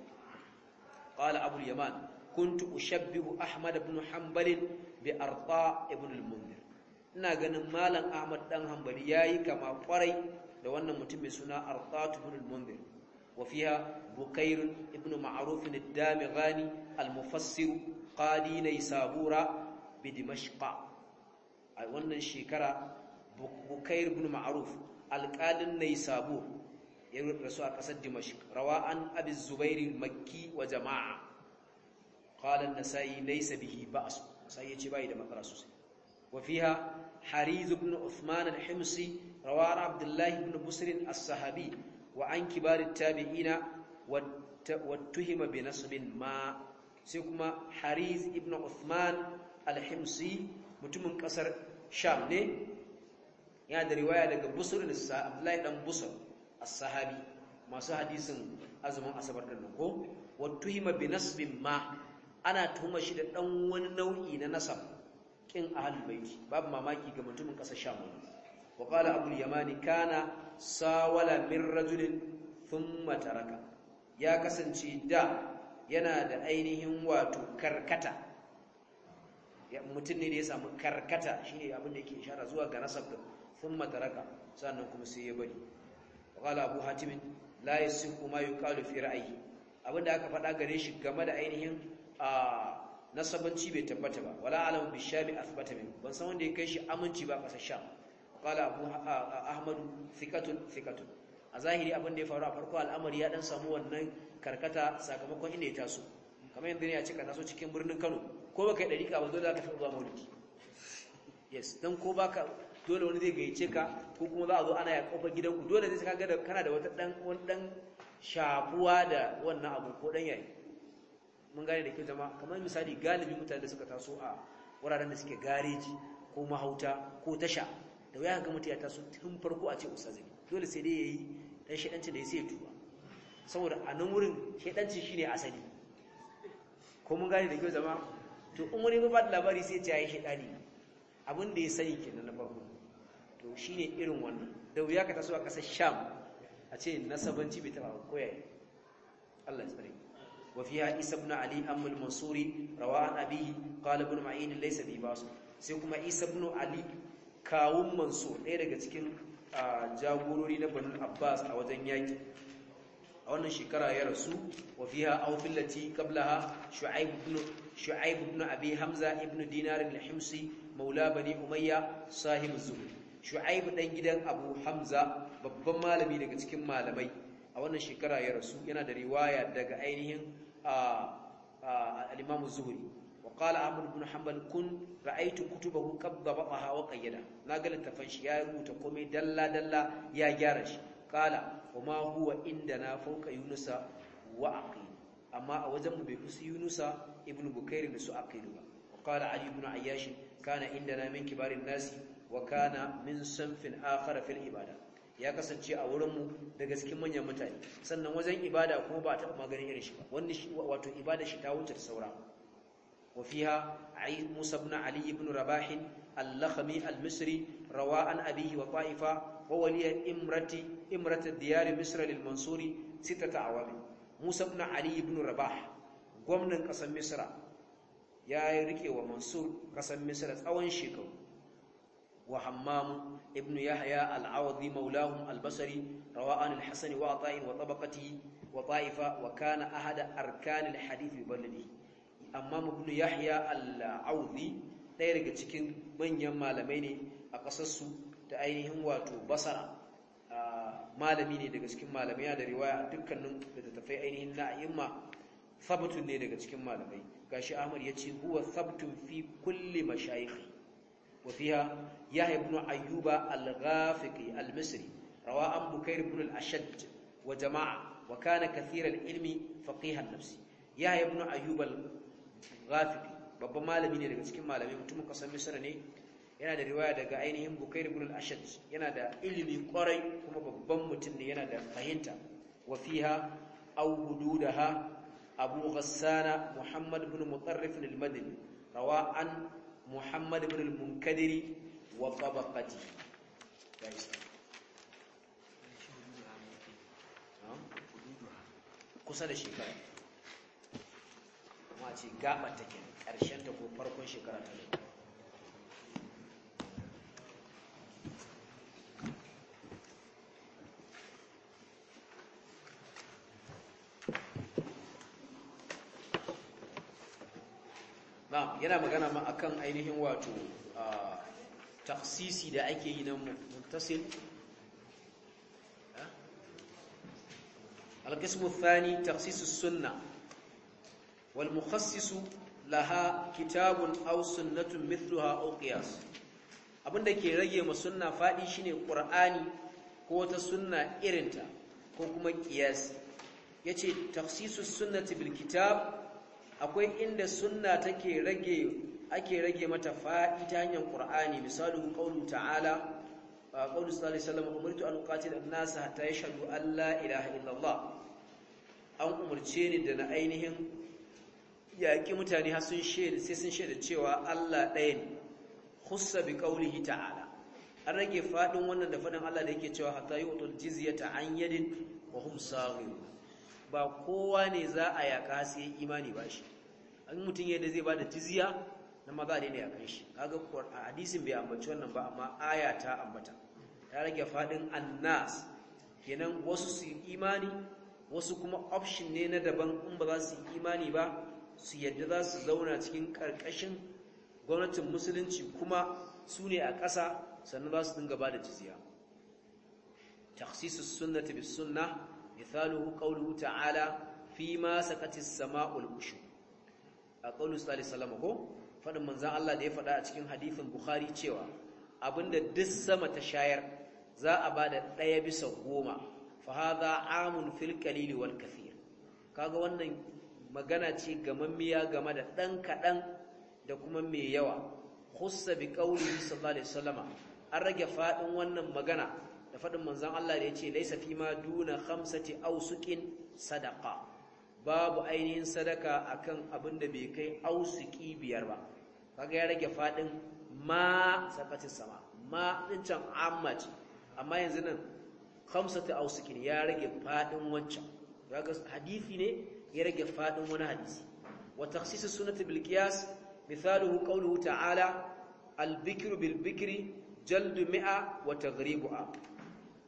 qala abu yaman kuntu ushabbihu ahmad ibn hanbal bi arta ibn al-munzir ina ganin malam ahmad dan hanbali yayi kama kwarai da wannan mutum mai suna arqatu ibn al-munzir wa fiha bukair ibn ma'ruf ad-damighani al-mufassir qadi naysabura bi dimashq a wannan shekara bukair ibn ma'ruf alqalin naysabur ya rasu a kasar dimashq rawa an abi zubair al-makki wa jama'a qala an-nasai laysa bihi ba's sai ya ce bai da matsala sosai wa fiha hariz ibn uthman al-himsi Rawar abdullahi ibn busrin as-sahabi wa an kibar tabiina wa tuhima bi ma sai kuma hariz ibn uthman al-himsi mutumin kasar sham ne Ya da riwaya daga abdullahi dan busr as-sahabi masu hadisin azumin asabar din ko wa tuhima bi ma ana tuhuma shi da ɗan wani nau'i na nasab ƙin ahal baiti babu mamaki ga mutumin ƙasar sham wa qala abul yamani kana sawala min rajulin thumma taraka ya kasance da yana da ainihin wato karkata mutum ne da ya samu karkata shine abin da yake ishara zuwa ga nasab din thumma taraka sannan kuma sai ya bari wa qala abu hatim la yasihu ma yuqalu fi ra'yi da aka faɗa gare shi game da ainihin a nasabanci bai tabbata ba wala alamu bishami asbata min ban san wanda ya kai shi aminci ba fasasha. kala abu ahmadu thiqatun a zahiri abin da ya faru a farko al'amari ya dan samu wannan karkata sakamakon inda ya taso kamar yanzu ne a cika taso cikin birnin Kano ko baka yi dariƙa ba dole za ka fi zuwa maulidi yes don ko baka dole wani zai gayyace ka ko kuma za a zo ana ya kofar ku dole zai ka kana da wata dan dan shafuwa da wannan abu ko dan yayi mun gane da kyau zama. kamar misali galibi mutane da suka taso a wuraren da suke gareji ko mahauta ko tasha da waya ga mutum ya taso tun farko a ce ustazi dole sai dai yayi dan shedancin da ya sai tuba saboda a nan wurin shedancin shine asali ko mun gane da kyau zama to in wani ba da labari sai ya yi shedani abin da ya sani kenan na farko to shine irin wannan da wuya ka taso a kasar sham a ce nasabanci bai taba koyaye Allah ya tsare وفيها Ali بن علي أم المنصوري abi qala ibn ma'in laysa bi basu Sai kuma isa ibn Ali. kawun mansur ɗaya daga cikin jagorori na banu abbas a wajen yaƙi a wannan shekara ya rasu wa fiha aw fillati qablaha shu'aib ibn shu'aib ibn abi hamza ibn Dinarin al-himsi maula bani umayya sahib zuhu shu'aib ɗan gidan abu hamza babban malami daga cikin malamai a wannan shekara ya rasu yana da riwaya daga ainihin al-imam zuhri qala ahmad ibn hanbal kun ra'aytu kutubahu qabba ba'aha wa qayyada na ga littafin shi ya rubuta komai dalla dalla ya gyara shi qala kuma huwa indana fawqa yunusa wa aqil amma a wajen mu bai kusa yunusa ibn bukair da su aqil ba qala ali ibn ayyash kana inda min kibarin nasi wa kana min sanfin akhar fil ibada ya kasance a wurinmu daga cikin manyan mutane sannan wajen ibada kuma ba ta maganin irin shi ba wanda wato ibada shi ta wuce da saura وفيها موسى بن علي بن رباح اللخمي المصري wa عن أبيه وطائفة وولي إمرة إمرة ديار مصر للمنصور ستة عوام موسى بن علي بن رباح gwamnan ƙasar misra ya yi rike wa mansur ƙasar misra tsawon shekaru wa hammamu ibn yahya al-awadhi maulahum al-basri rawa'an al-hasan wa ta'in wa tabaqati wa kana ahada arkan al-hadith amma ibn yahya al ɗaya daga cikin manyan malamai ne a ƙasarsu ta ainihin wato basara malami ne daga cikin malamai da riwaya dukkanin littattafai ainihin na'imma sabtun ne daga cikin malamai gashi ahmad ya ce huwa sabtun fi kulli mashayikhi Wafiya ya yahya ibn ayyuba al-ghafiqi al-misri rawa an bukair ibn al-ashad wa jama'a wa kana kathira ilmi faqihan nafsi yahya ibn ayyuba ghafiqi babban malami ne daga cikin malamai mutumin kasar misra ne yana da riwaya daga ainihin bukair ibn al-ashad yana da ilimi kwarai kuma babban mutum ne yana da fahimta wa fiha aw hududaha abu ghassana muhammad ibn mutarrif al-madani rawa an muhammad ibn al-munkadiri wa tabaqati kusa da shekara a ce gaɓar ke ƙarshen ta ko farkon shekara ta zai yana magana ma akan ainihin wato taksisi da ake yi na mutasil eh? alkismu thani taksisus sunna wal لها laha kitabun aw sunnatun mithluha قياس abinda ke rage ma sunna fadi shine qur'ani ko wata sunna ta, ko kuma qiyas yace tafsisus sunnati bil kitab akwai inda sunna take rage ake rage mata fadi ta hanyar qur'ani misali qawlu ta'ala qawlu sallallahu alaihi wasallam umirtu an uqatila an illallah an umarce ni da na ainihin yaƙi mutane har sun shaida sai sun shaida cewa Allah ɗaya ne khussa bi qawlihi ta'ala an rage fadin wannan da fadin Allah da yake cewa hatta yu'tul jizyata an yadin wa hum saghirun ba kowa ne za a yaƙa sai imani ba shi an mutum yadda zai bada jizya na maza ne da kai shi kaga hadisin bai ambaci wannan ba amma aya ta ambata ta rage fadin annas kenan wasu su imani wasu kuma option ne na daban in ba za su imani ba su yadda za su zauna cikin ƙarƙashin gwamnatin musulunci kuma su ne a ƙasa sannan za su dinga ba da jizya takhsisus sunnati bis sunna mithaluhu qawluhu ta'ala fi ma saqatis sama ushu a qawlu sallallahu salama ko faɗin manzon Allah da ya faɗa a cikin hadifin Bukhari cewa abinda duk sama ta shayar za a ba da ɗaya bisa goma fa haza amun fil qalili wal kathir kaga wannan magana ce mamiya game da ɗan kaɗan da kuma mai yawa husa bi ƙauli sallallahu alaihi wasallama an rage faɗin wannan magana da faɗin manzon Allah da ya ce laisa fi ma duna khamsati ausuqin sadaka babu ainihin sadaka akan abin da bai kai ausuki biyar ba kaga ya rage faɗin ma sakatin sama ma din can ammat amma yanzu nan khamsati ausuqin ya rage faɗin wancan kaga ne ya rage fadin wani hadisi wa takhsisus sunnati bil qiyas mithaluhu qawluhu ta'ala al bikru bil bikri mi'a wa taghribuha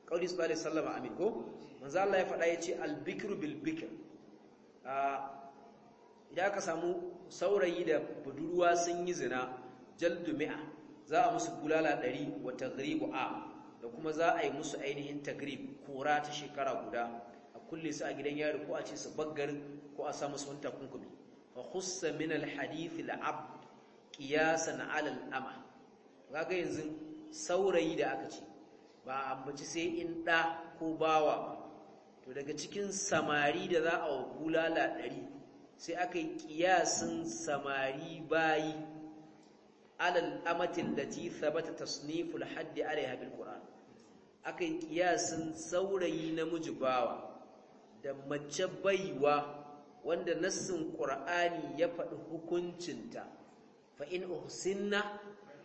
qawli sallallahu alaihi wasallam amin ko manzo Allah ya faɗa yace al bikru bil bikr idan aka samu saurayi da budurwa sun yi zina jaldu mi'a za a musu bulala ɗari wa taghribu a da kuma za a yi musu ainihin tagrib kora ta shekara guda kulle su a gidan yari ko a ce su baggarin ko a samu sun wani takunkumi fa khussa min al hadith qiyasan ala al kaga yanzu saurayi da aka ce ba a ambaci sai in da ko bawa to daga cikin samari da za a bulala ɗari sai aka yi kiyasin samari bayi alal amatin lati thabata tasniful haddi alaiha bil aka yi kiyasin saurayi namiji bawa da mace baiwa wanda nassin qur'ani ya faɗi hukuncinta fa in uhsinna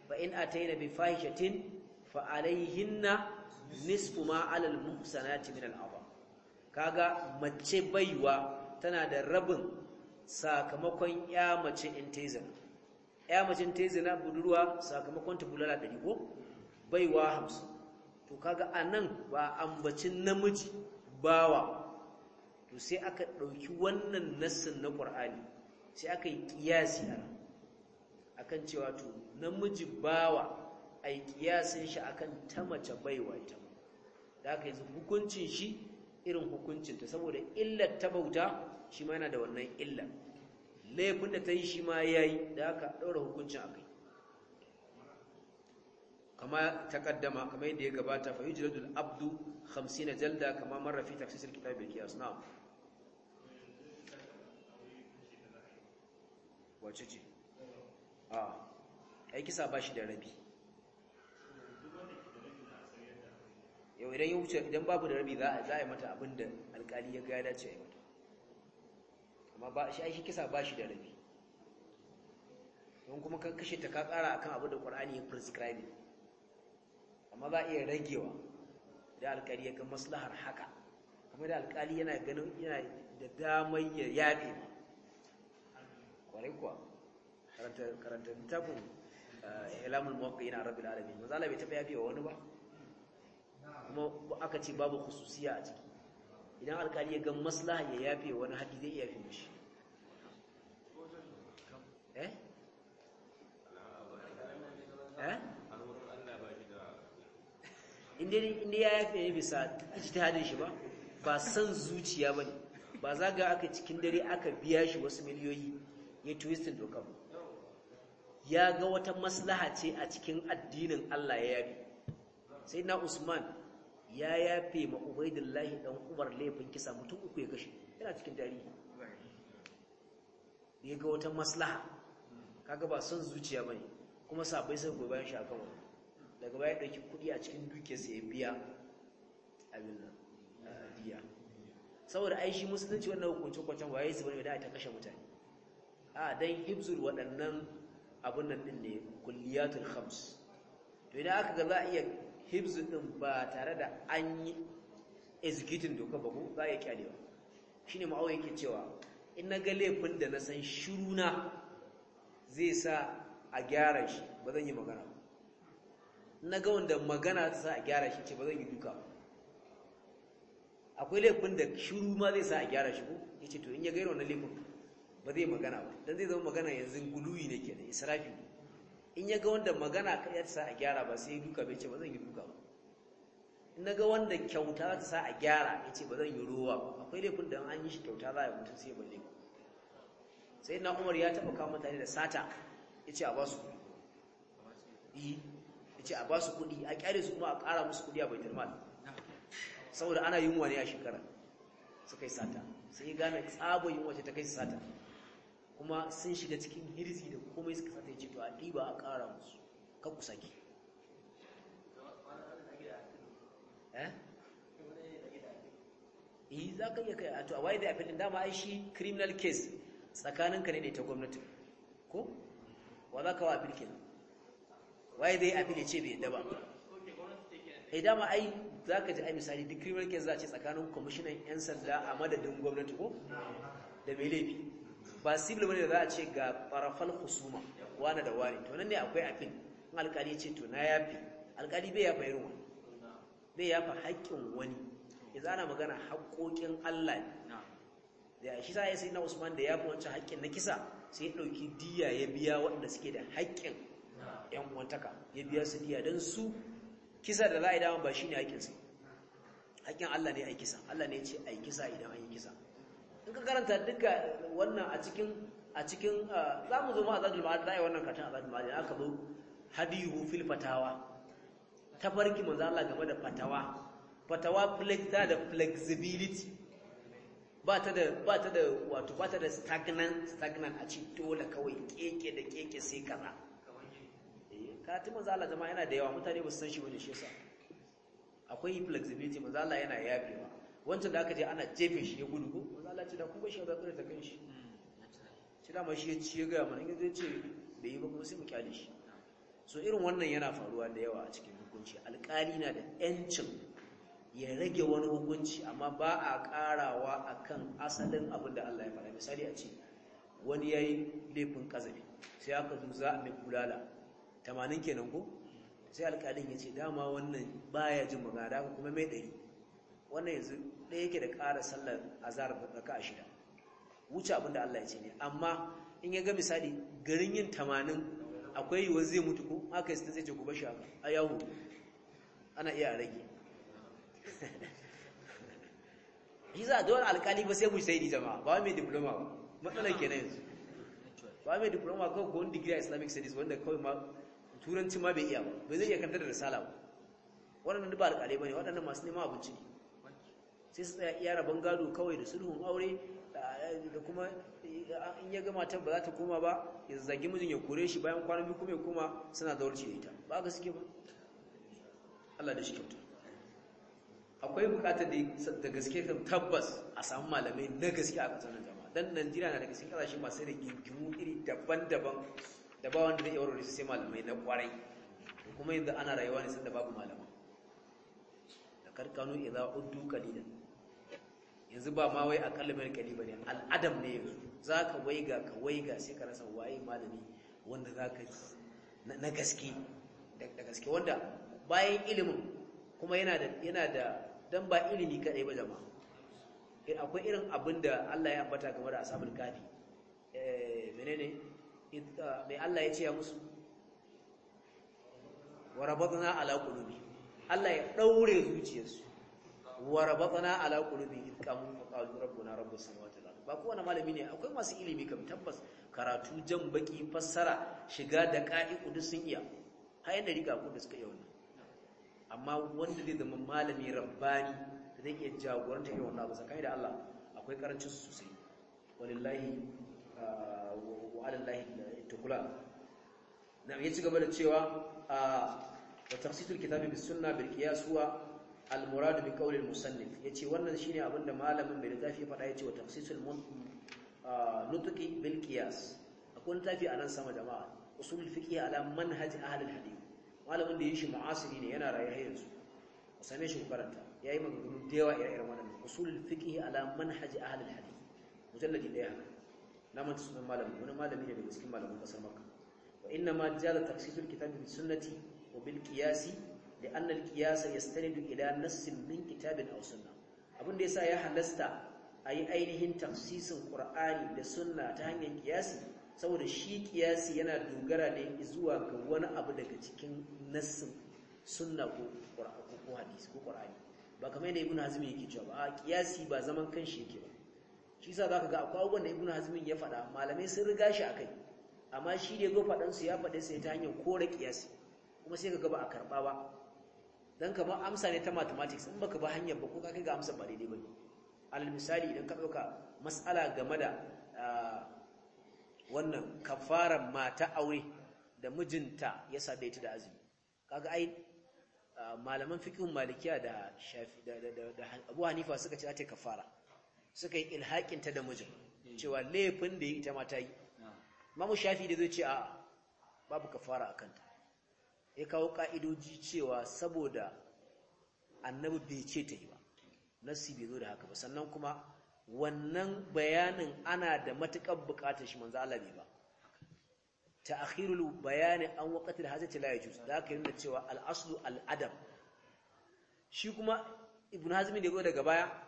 fa in ataina bi fahishatin fa alaihinna nisfu ma alal muhsanati min al kaga mace baiwa tana da rabin sakamakon ya mace in tezina ya mace in tezina budurwa sakamakon ta bulala da riko baiwa 50 to kaga anan ba ambacin namiji bawa to sai aka ɗauki wannan nassin na ƙur'ani sai aka yi ƙiyasi a nan akan cewa to namiji bawa a yi ƙiyasin shi akan ta mace baiwa ita da aka yi hukuncin shi irin hukuncinta saboda illar ta bauta shi ma yana da wannan illar laifin da ta yi shi ma ya yi da aka ɗaura hukuncin a kai kama ta kaddama kama yadda ya gabata fa yujradul abdu 50 jalda kama Marafi, fi tafsir kitab al na'am wace ce a ai kisa ba shi da rabi yau idan ya wuce idan babu da rabi za a yi mata abin da alkali ya gaya dace ya mata amma ba shi aiki kisa ba shi da rabi don kuma kan kashe ta ka kara akan abu da qur'ani ya prescribe amma za a iya ragewa da alkali ya ga maslahar haka kuma da alkali yana ganin yana da damar ya yabe kwarai kuwa karanta littafin eh, ilamul muwaƙi yana rabin alamin za bai taɓa yafe wa wani ba kuma aka ce babu khususiya a ciki idan alkali ya ga maslaha ya yafe wani haɗi zai iya fi mishi eh? eh? inda ya yafe ya bisa hadin shi ba ba san zuciya ba ne, ba za ga aka cikin dare aka biya shi wasu miliyoyi ya twistin dokar ya ga wata maslaha ce a cikin addinin Allah ya yabi sai na Usman ya yafe ma Ubaidullahi dan Umar laifin kisa mutum uku ya kashe yana cikin tarihi ya ga wata maslaha kaga ba son zuciya bane kuma sabai sai gobe bayan shakan wani daga baya dauki kudi a cikin dukiyarsa ya biya abin nan eh, diya saboda aishi musulunci wannan hukuncin kwacan waye su bane da ta kashe mutane a dan hibzul waɗannan abun nan din ne kulliyatul khams to idan aka ga za a iya hibzu din ba tare da an yi executing doka ba ko za a iya kyalewa shine ma'awa yake cewa in na ga laifin da na san shiruna zai sa a gyara shi ba zan yi magana na ga wanda magana ta sa a gyara shi ce ba zan yi duka akwai laifin da shiru ma zai sa a gyara shi ko ya ce to in ya gaira wannan laifin ba zai magana ba don zai zama magana yanzu guluyi ne da israfi in ya ga wanda magana kai ta sa a gyara ba sai duka bai ce ba zan yi duka ba in na ga wanda kyauta za ta sa a gyara ya ce ba zan yi ruwa ba akwai laifin da an yi shi kyauta za a yi mutum sai ba laifin sai na umar ya taɓa kawo mutane da sata ya ce a ba su kuɗi eh, ya ce a ba su kuɗi a ƙyale su kuma a ƙara musu kuɗi a baitar mal saboda ana yunwa ne a shekara suka yi sata sai gane tsabo yunwa ce ta kai sata kuma sun shiga cikin hirzi da komai suka sata ce to a ɗiba a ƙara musu ka ku saki eh? eh za ka iya kai a to a waye da afilin dama ai shi criminal case ka ne ta gwamnati ko wa za ka wa afil kenan waye dai afil ce bai daba ai eh, dama ai za ka ji ai misali duk criminal case za a ce tsakanin kwamishinan 'yan sanda a madadin gwamnati ko da mai laifi ba sibil bane da za a ce ga farafal husuma wani da wani to nan ne akwai abin in alkali ya ce to na yafi alkali bai yafa irin wani bai yafa haƙƙin wani Ya zana magana haƙƙoƙin Allah ne da shi sa ya sai na Usman da fi wancan haƙƙin na kisa sai ya ɗauki diya ya biya waɗanda suke da haƙƙin ƴan uwantaka ya biya su diya don su kisa da za a yi dama ba ne haƙƙinsu haƙƙin Allah ne a kisa Allah ne ya ce a yi kisa idan an yi kisa in ka karanta duka wannan a cikin a cikin za mu zo ma azadul ma'ad za wannan katon azadul ma'ad aka zo hadihu fil fatawa farki manzo Allah game da fatawa fatawa flexibility da flexibility ba ta da ba ta da wato ba ta da stagnant stagnant a ce dole kawai keke da keke sai kaza eh, Karatun manzo Allah jama'a yana da yawa mutane ba su san shi wani shi yasa akwai flexibility manzo Allah yana yafewa wancan da aka je ana jefe shi ya gudu ko manzo Allah ce da kuma hmm, shi da tsare ta kan shi shi mai shi ya ci gaya mana in zai ce da yi ba kuma sai mu kyale shi so irin wannan yana faruwa da yawa a cikin hukunci alƙali na da yancin ya rage wani hukunci amma ba a ƙarawa akan asalin abin da Allah ya faɗa misali a ce wani yayi laifin kazabi sai aka zo za a mai kulala 80 kenan ko sai alƙalin ya ce dama wannan baya jin magana kuma mai ɗari wannan yanzu ɗaya yake da ƙara sallar azhar a shida wuce abin da Allah ya ce ne amma in ya ga misali garin yin tamanin akwai yiwuwar zai mutu ko haka yi zai ce ku bashi haka a yahu ana iya a rage yi za a dole alkali ba sai mu sai ni jama'a ba mai diploma ba matsalar kenan yanzu ba mai diploma kawai ko wani digiri a islamic studies wanda kawai ma turanci ma bai iya ba bai zai iya kantar da risala ba waɗannan ba alkali ba ne waɗannan masu neman abinci ne sai su tsaya iya rabon gado kawai da sulhun aure da kuma in ya gama tan ba za ta koma ba ya zagi mijin ya kore shi bayan kwanan biyu kuma ya koma suna zaurci da ita ba ga suke ba Allah da shi kyauta akwai bukatar da gaske kan tabbas a samu malamai na gaske a kasar jama'a dan Najeriya na da gaske kasashe masu da gingimu iri daban-daban da ba wanda zai iya su sai malamai na kwarai kuma yanzu ana rayuwa ne sun da babu malama da karkano idza uddu qalilan yanzu ba ma wai akalla mai kali bane al'adam ne yanzu za ka waiga ka waiga sai ka rasa waye malami wanda za ka na gaske da gaske wanda bayan ilimin kuma yana da yana da dan ba ilimi kadai ba jama'a e, akwai irin abin da Allah ya ambata game da asabul kafi eh menene uh, mai Allah ya ce ya musu warabatna ala qulubi Allah ya daure zuciyarsu warabatana ala qulubi id qamu qalu rabbuna rabbus samawati wal ba kowane malami ne akwai masu ilimi kam tabbas karatu jan baki fassara shiga da qa'idu duk sun iya har yanda riga ku da suka yi wannan amma wanda zai zama malami rabbani da zai iya jagoranta irin wannan abu sakai da Allah akwai karancin su sosai wallahi ah, wa alallahi tukula na yace gaba da cewa ah, a tafsirul kitabi bis sunna bil qiyas huwa al-murad bi qawl al-musannif yace wannan shine abinda malamin mai littafi ya faɗa yace wa tafsisul nutqi bil qiyas akwai littafi nan sama jama'a usul fiqh ala manhaj ahli al-hadith malamin da yashi mu'asiri ne yana rayuwa yanzu ku same shi ku karanta yayi maganganu da yawa ire-iren wannan usul fiqh ala manhaj ahli al-hadith mujalladi daya na manta sunan malamin wani malami ne daga cikin malamin kasar makka wa inna ma jala tafsirul kitabi bis sunnati wa bil qiyasi da annal ya yastanidu ila nassin min kitabin aw sunna abin da yasa ya halasta ayi ainihin tafsisin qur'ani da sunna ta hanyar kiyasi saboda shi kiyasi yana dogara ne zuwa ga wani abu daga cikin nassin sunna ko qur'ani ko hadisi ko qur'ani ba kamar yadda ibnu hazmi yake cewa ba a ba zaman kanshi yake ba shi yasa zaka ga akwai abubuwan da ibnu hazmi ya faɗa malamai sun riga shi akai amma shi da ya faɗansu ya faɗe sai ta hanyar kore kiyasi kuma sai ka ga ba a karɓa ba dan kamar amsa ne ta mathematics in baka ba hanyar ba ko ka kai ga amsa ba daidai bane alal misali idan ka dauka mas'ala game da ah, wannan kafara mata aure da mijinta ya same ta da azumi kaga ai ah, malaman fiqhun malikiya da da Abu Hanifa suka ce ta kafara suka yi ilhakin ta da mijin cewa laifin da ita mata yi hmm. Mamu Shafi da zai ce a babu kafara akanta ya kawo ka'idoji cewa saboda annabi bai ce ta yi ba nasi bai zo da haka ba sannan kuma wannan bayanin ana da matuƙar buƙatar shi manzo Allah bai ba ta'khirul bayanin an waqtil hajati la yajuz da aka yi cewa al-aslu al-adab shi kuma ibn hazmi da ya zo daga baya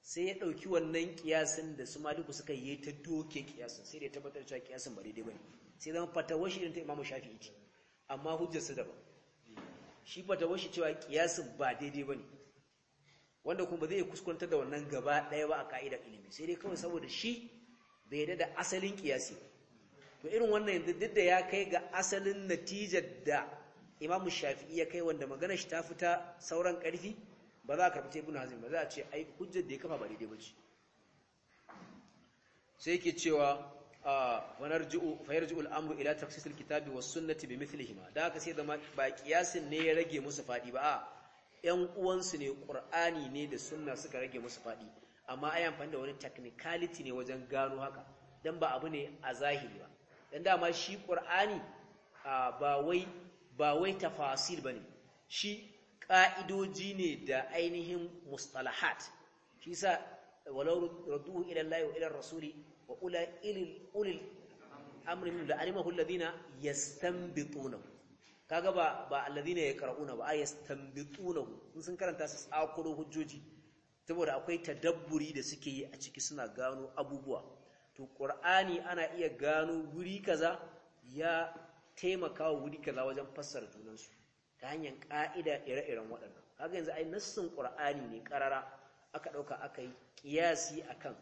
sai ya ɗauki wannan kiyasin da su maliku suka yi ta doke kiyasin sai da ya tabbatar cewa kiyasin ba daidai ba ne sai zama fatawar irin ta imamu shafi'i amma hujjarsa daban shi ta washe cewa kiyasin ba daidai ba ne wanda kuma zai kuskuntar da wannan gaba ɗaya ba a ka'idar ilimi sai dai kawai saboda shi bai yadda da asalin kiyasi to irin wannan yanzu duk da ya kai ga asalin natijar da imamu shafi'i ya kai wanda magana shi ta fita sauran ƙarfi ba za a karɓi tebun hazin ba za a ce ai hujjar da ya kafa ba daidai ba ce sai ke cewa fayarji amru ila taksisul kitabi wa sunnati bi ma. da aka sai zama ba kiyasin ne ya rage musu faɗi ba a ‘yan uwansu ne ƙur'ani ne da sunna suka rage musu faɗi amma ai amfani da wani technicality ne wajen gano haka dan ba abu ne a zahiri ba dan dama shi ƙur'ani ba wai ba wai tafasil bane shi ƙa'idoji ne da ainihin mustalahat shi sa walau radduhu ila Allah wa ila rasuli wa ula ilil ulil amrin da alimahu alladhina yastanbituna kaga ba ba alladhina yaqrauna ba yastanbituna in sun karanta su tsakuro hujjoji saboda akwai tadabburi da suke yi a ciki suna gano abubuwa to qur'ani ana iya gano guri kaza ya taimaka wa wuri kaza wajen fassara junansu ta hanyar ka'ida ire-iren waɗannan kaga yanzu ai nassin qur'ani ne karara aka ɗauka aka yi kiyasi akan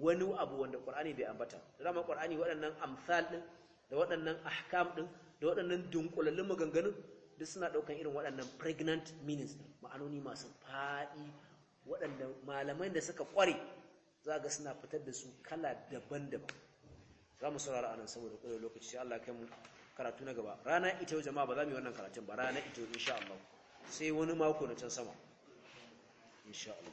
wani abu wanda qur'ani bai ambata da ƙwar'ani waɗannan amsal ɗin da waɗannan ahkam ɗin da waɗannan dunkulallun maganganun duk suna ɗaukan irin waɗannan pregnant meanings ma'anoni masu faɗi waɗanda malamai da suka ƙware za ga suna fitar da su kala daban-daban za mu saurara anan saboda ƙwarar lokaci sai Allah kai mu karatu na gaba rana ita jama'a ba za mu yi wannan karatun ba rana ita insha Allah sai wani mako na can sama insha Allah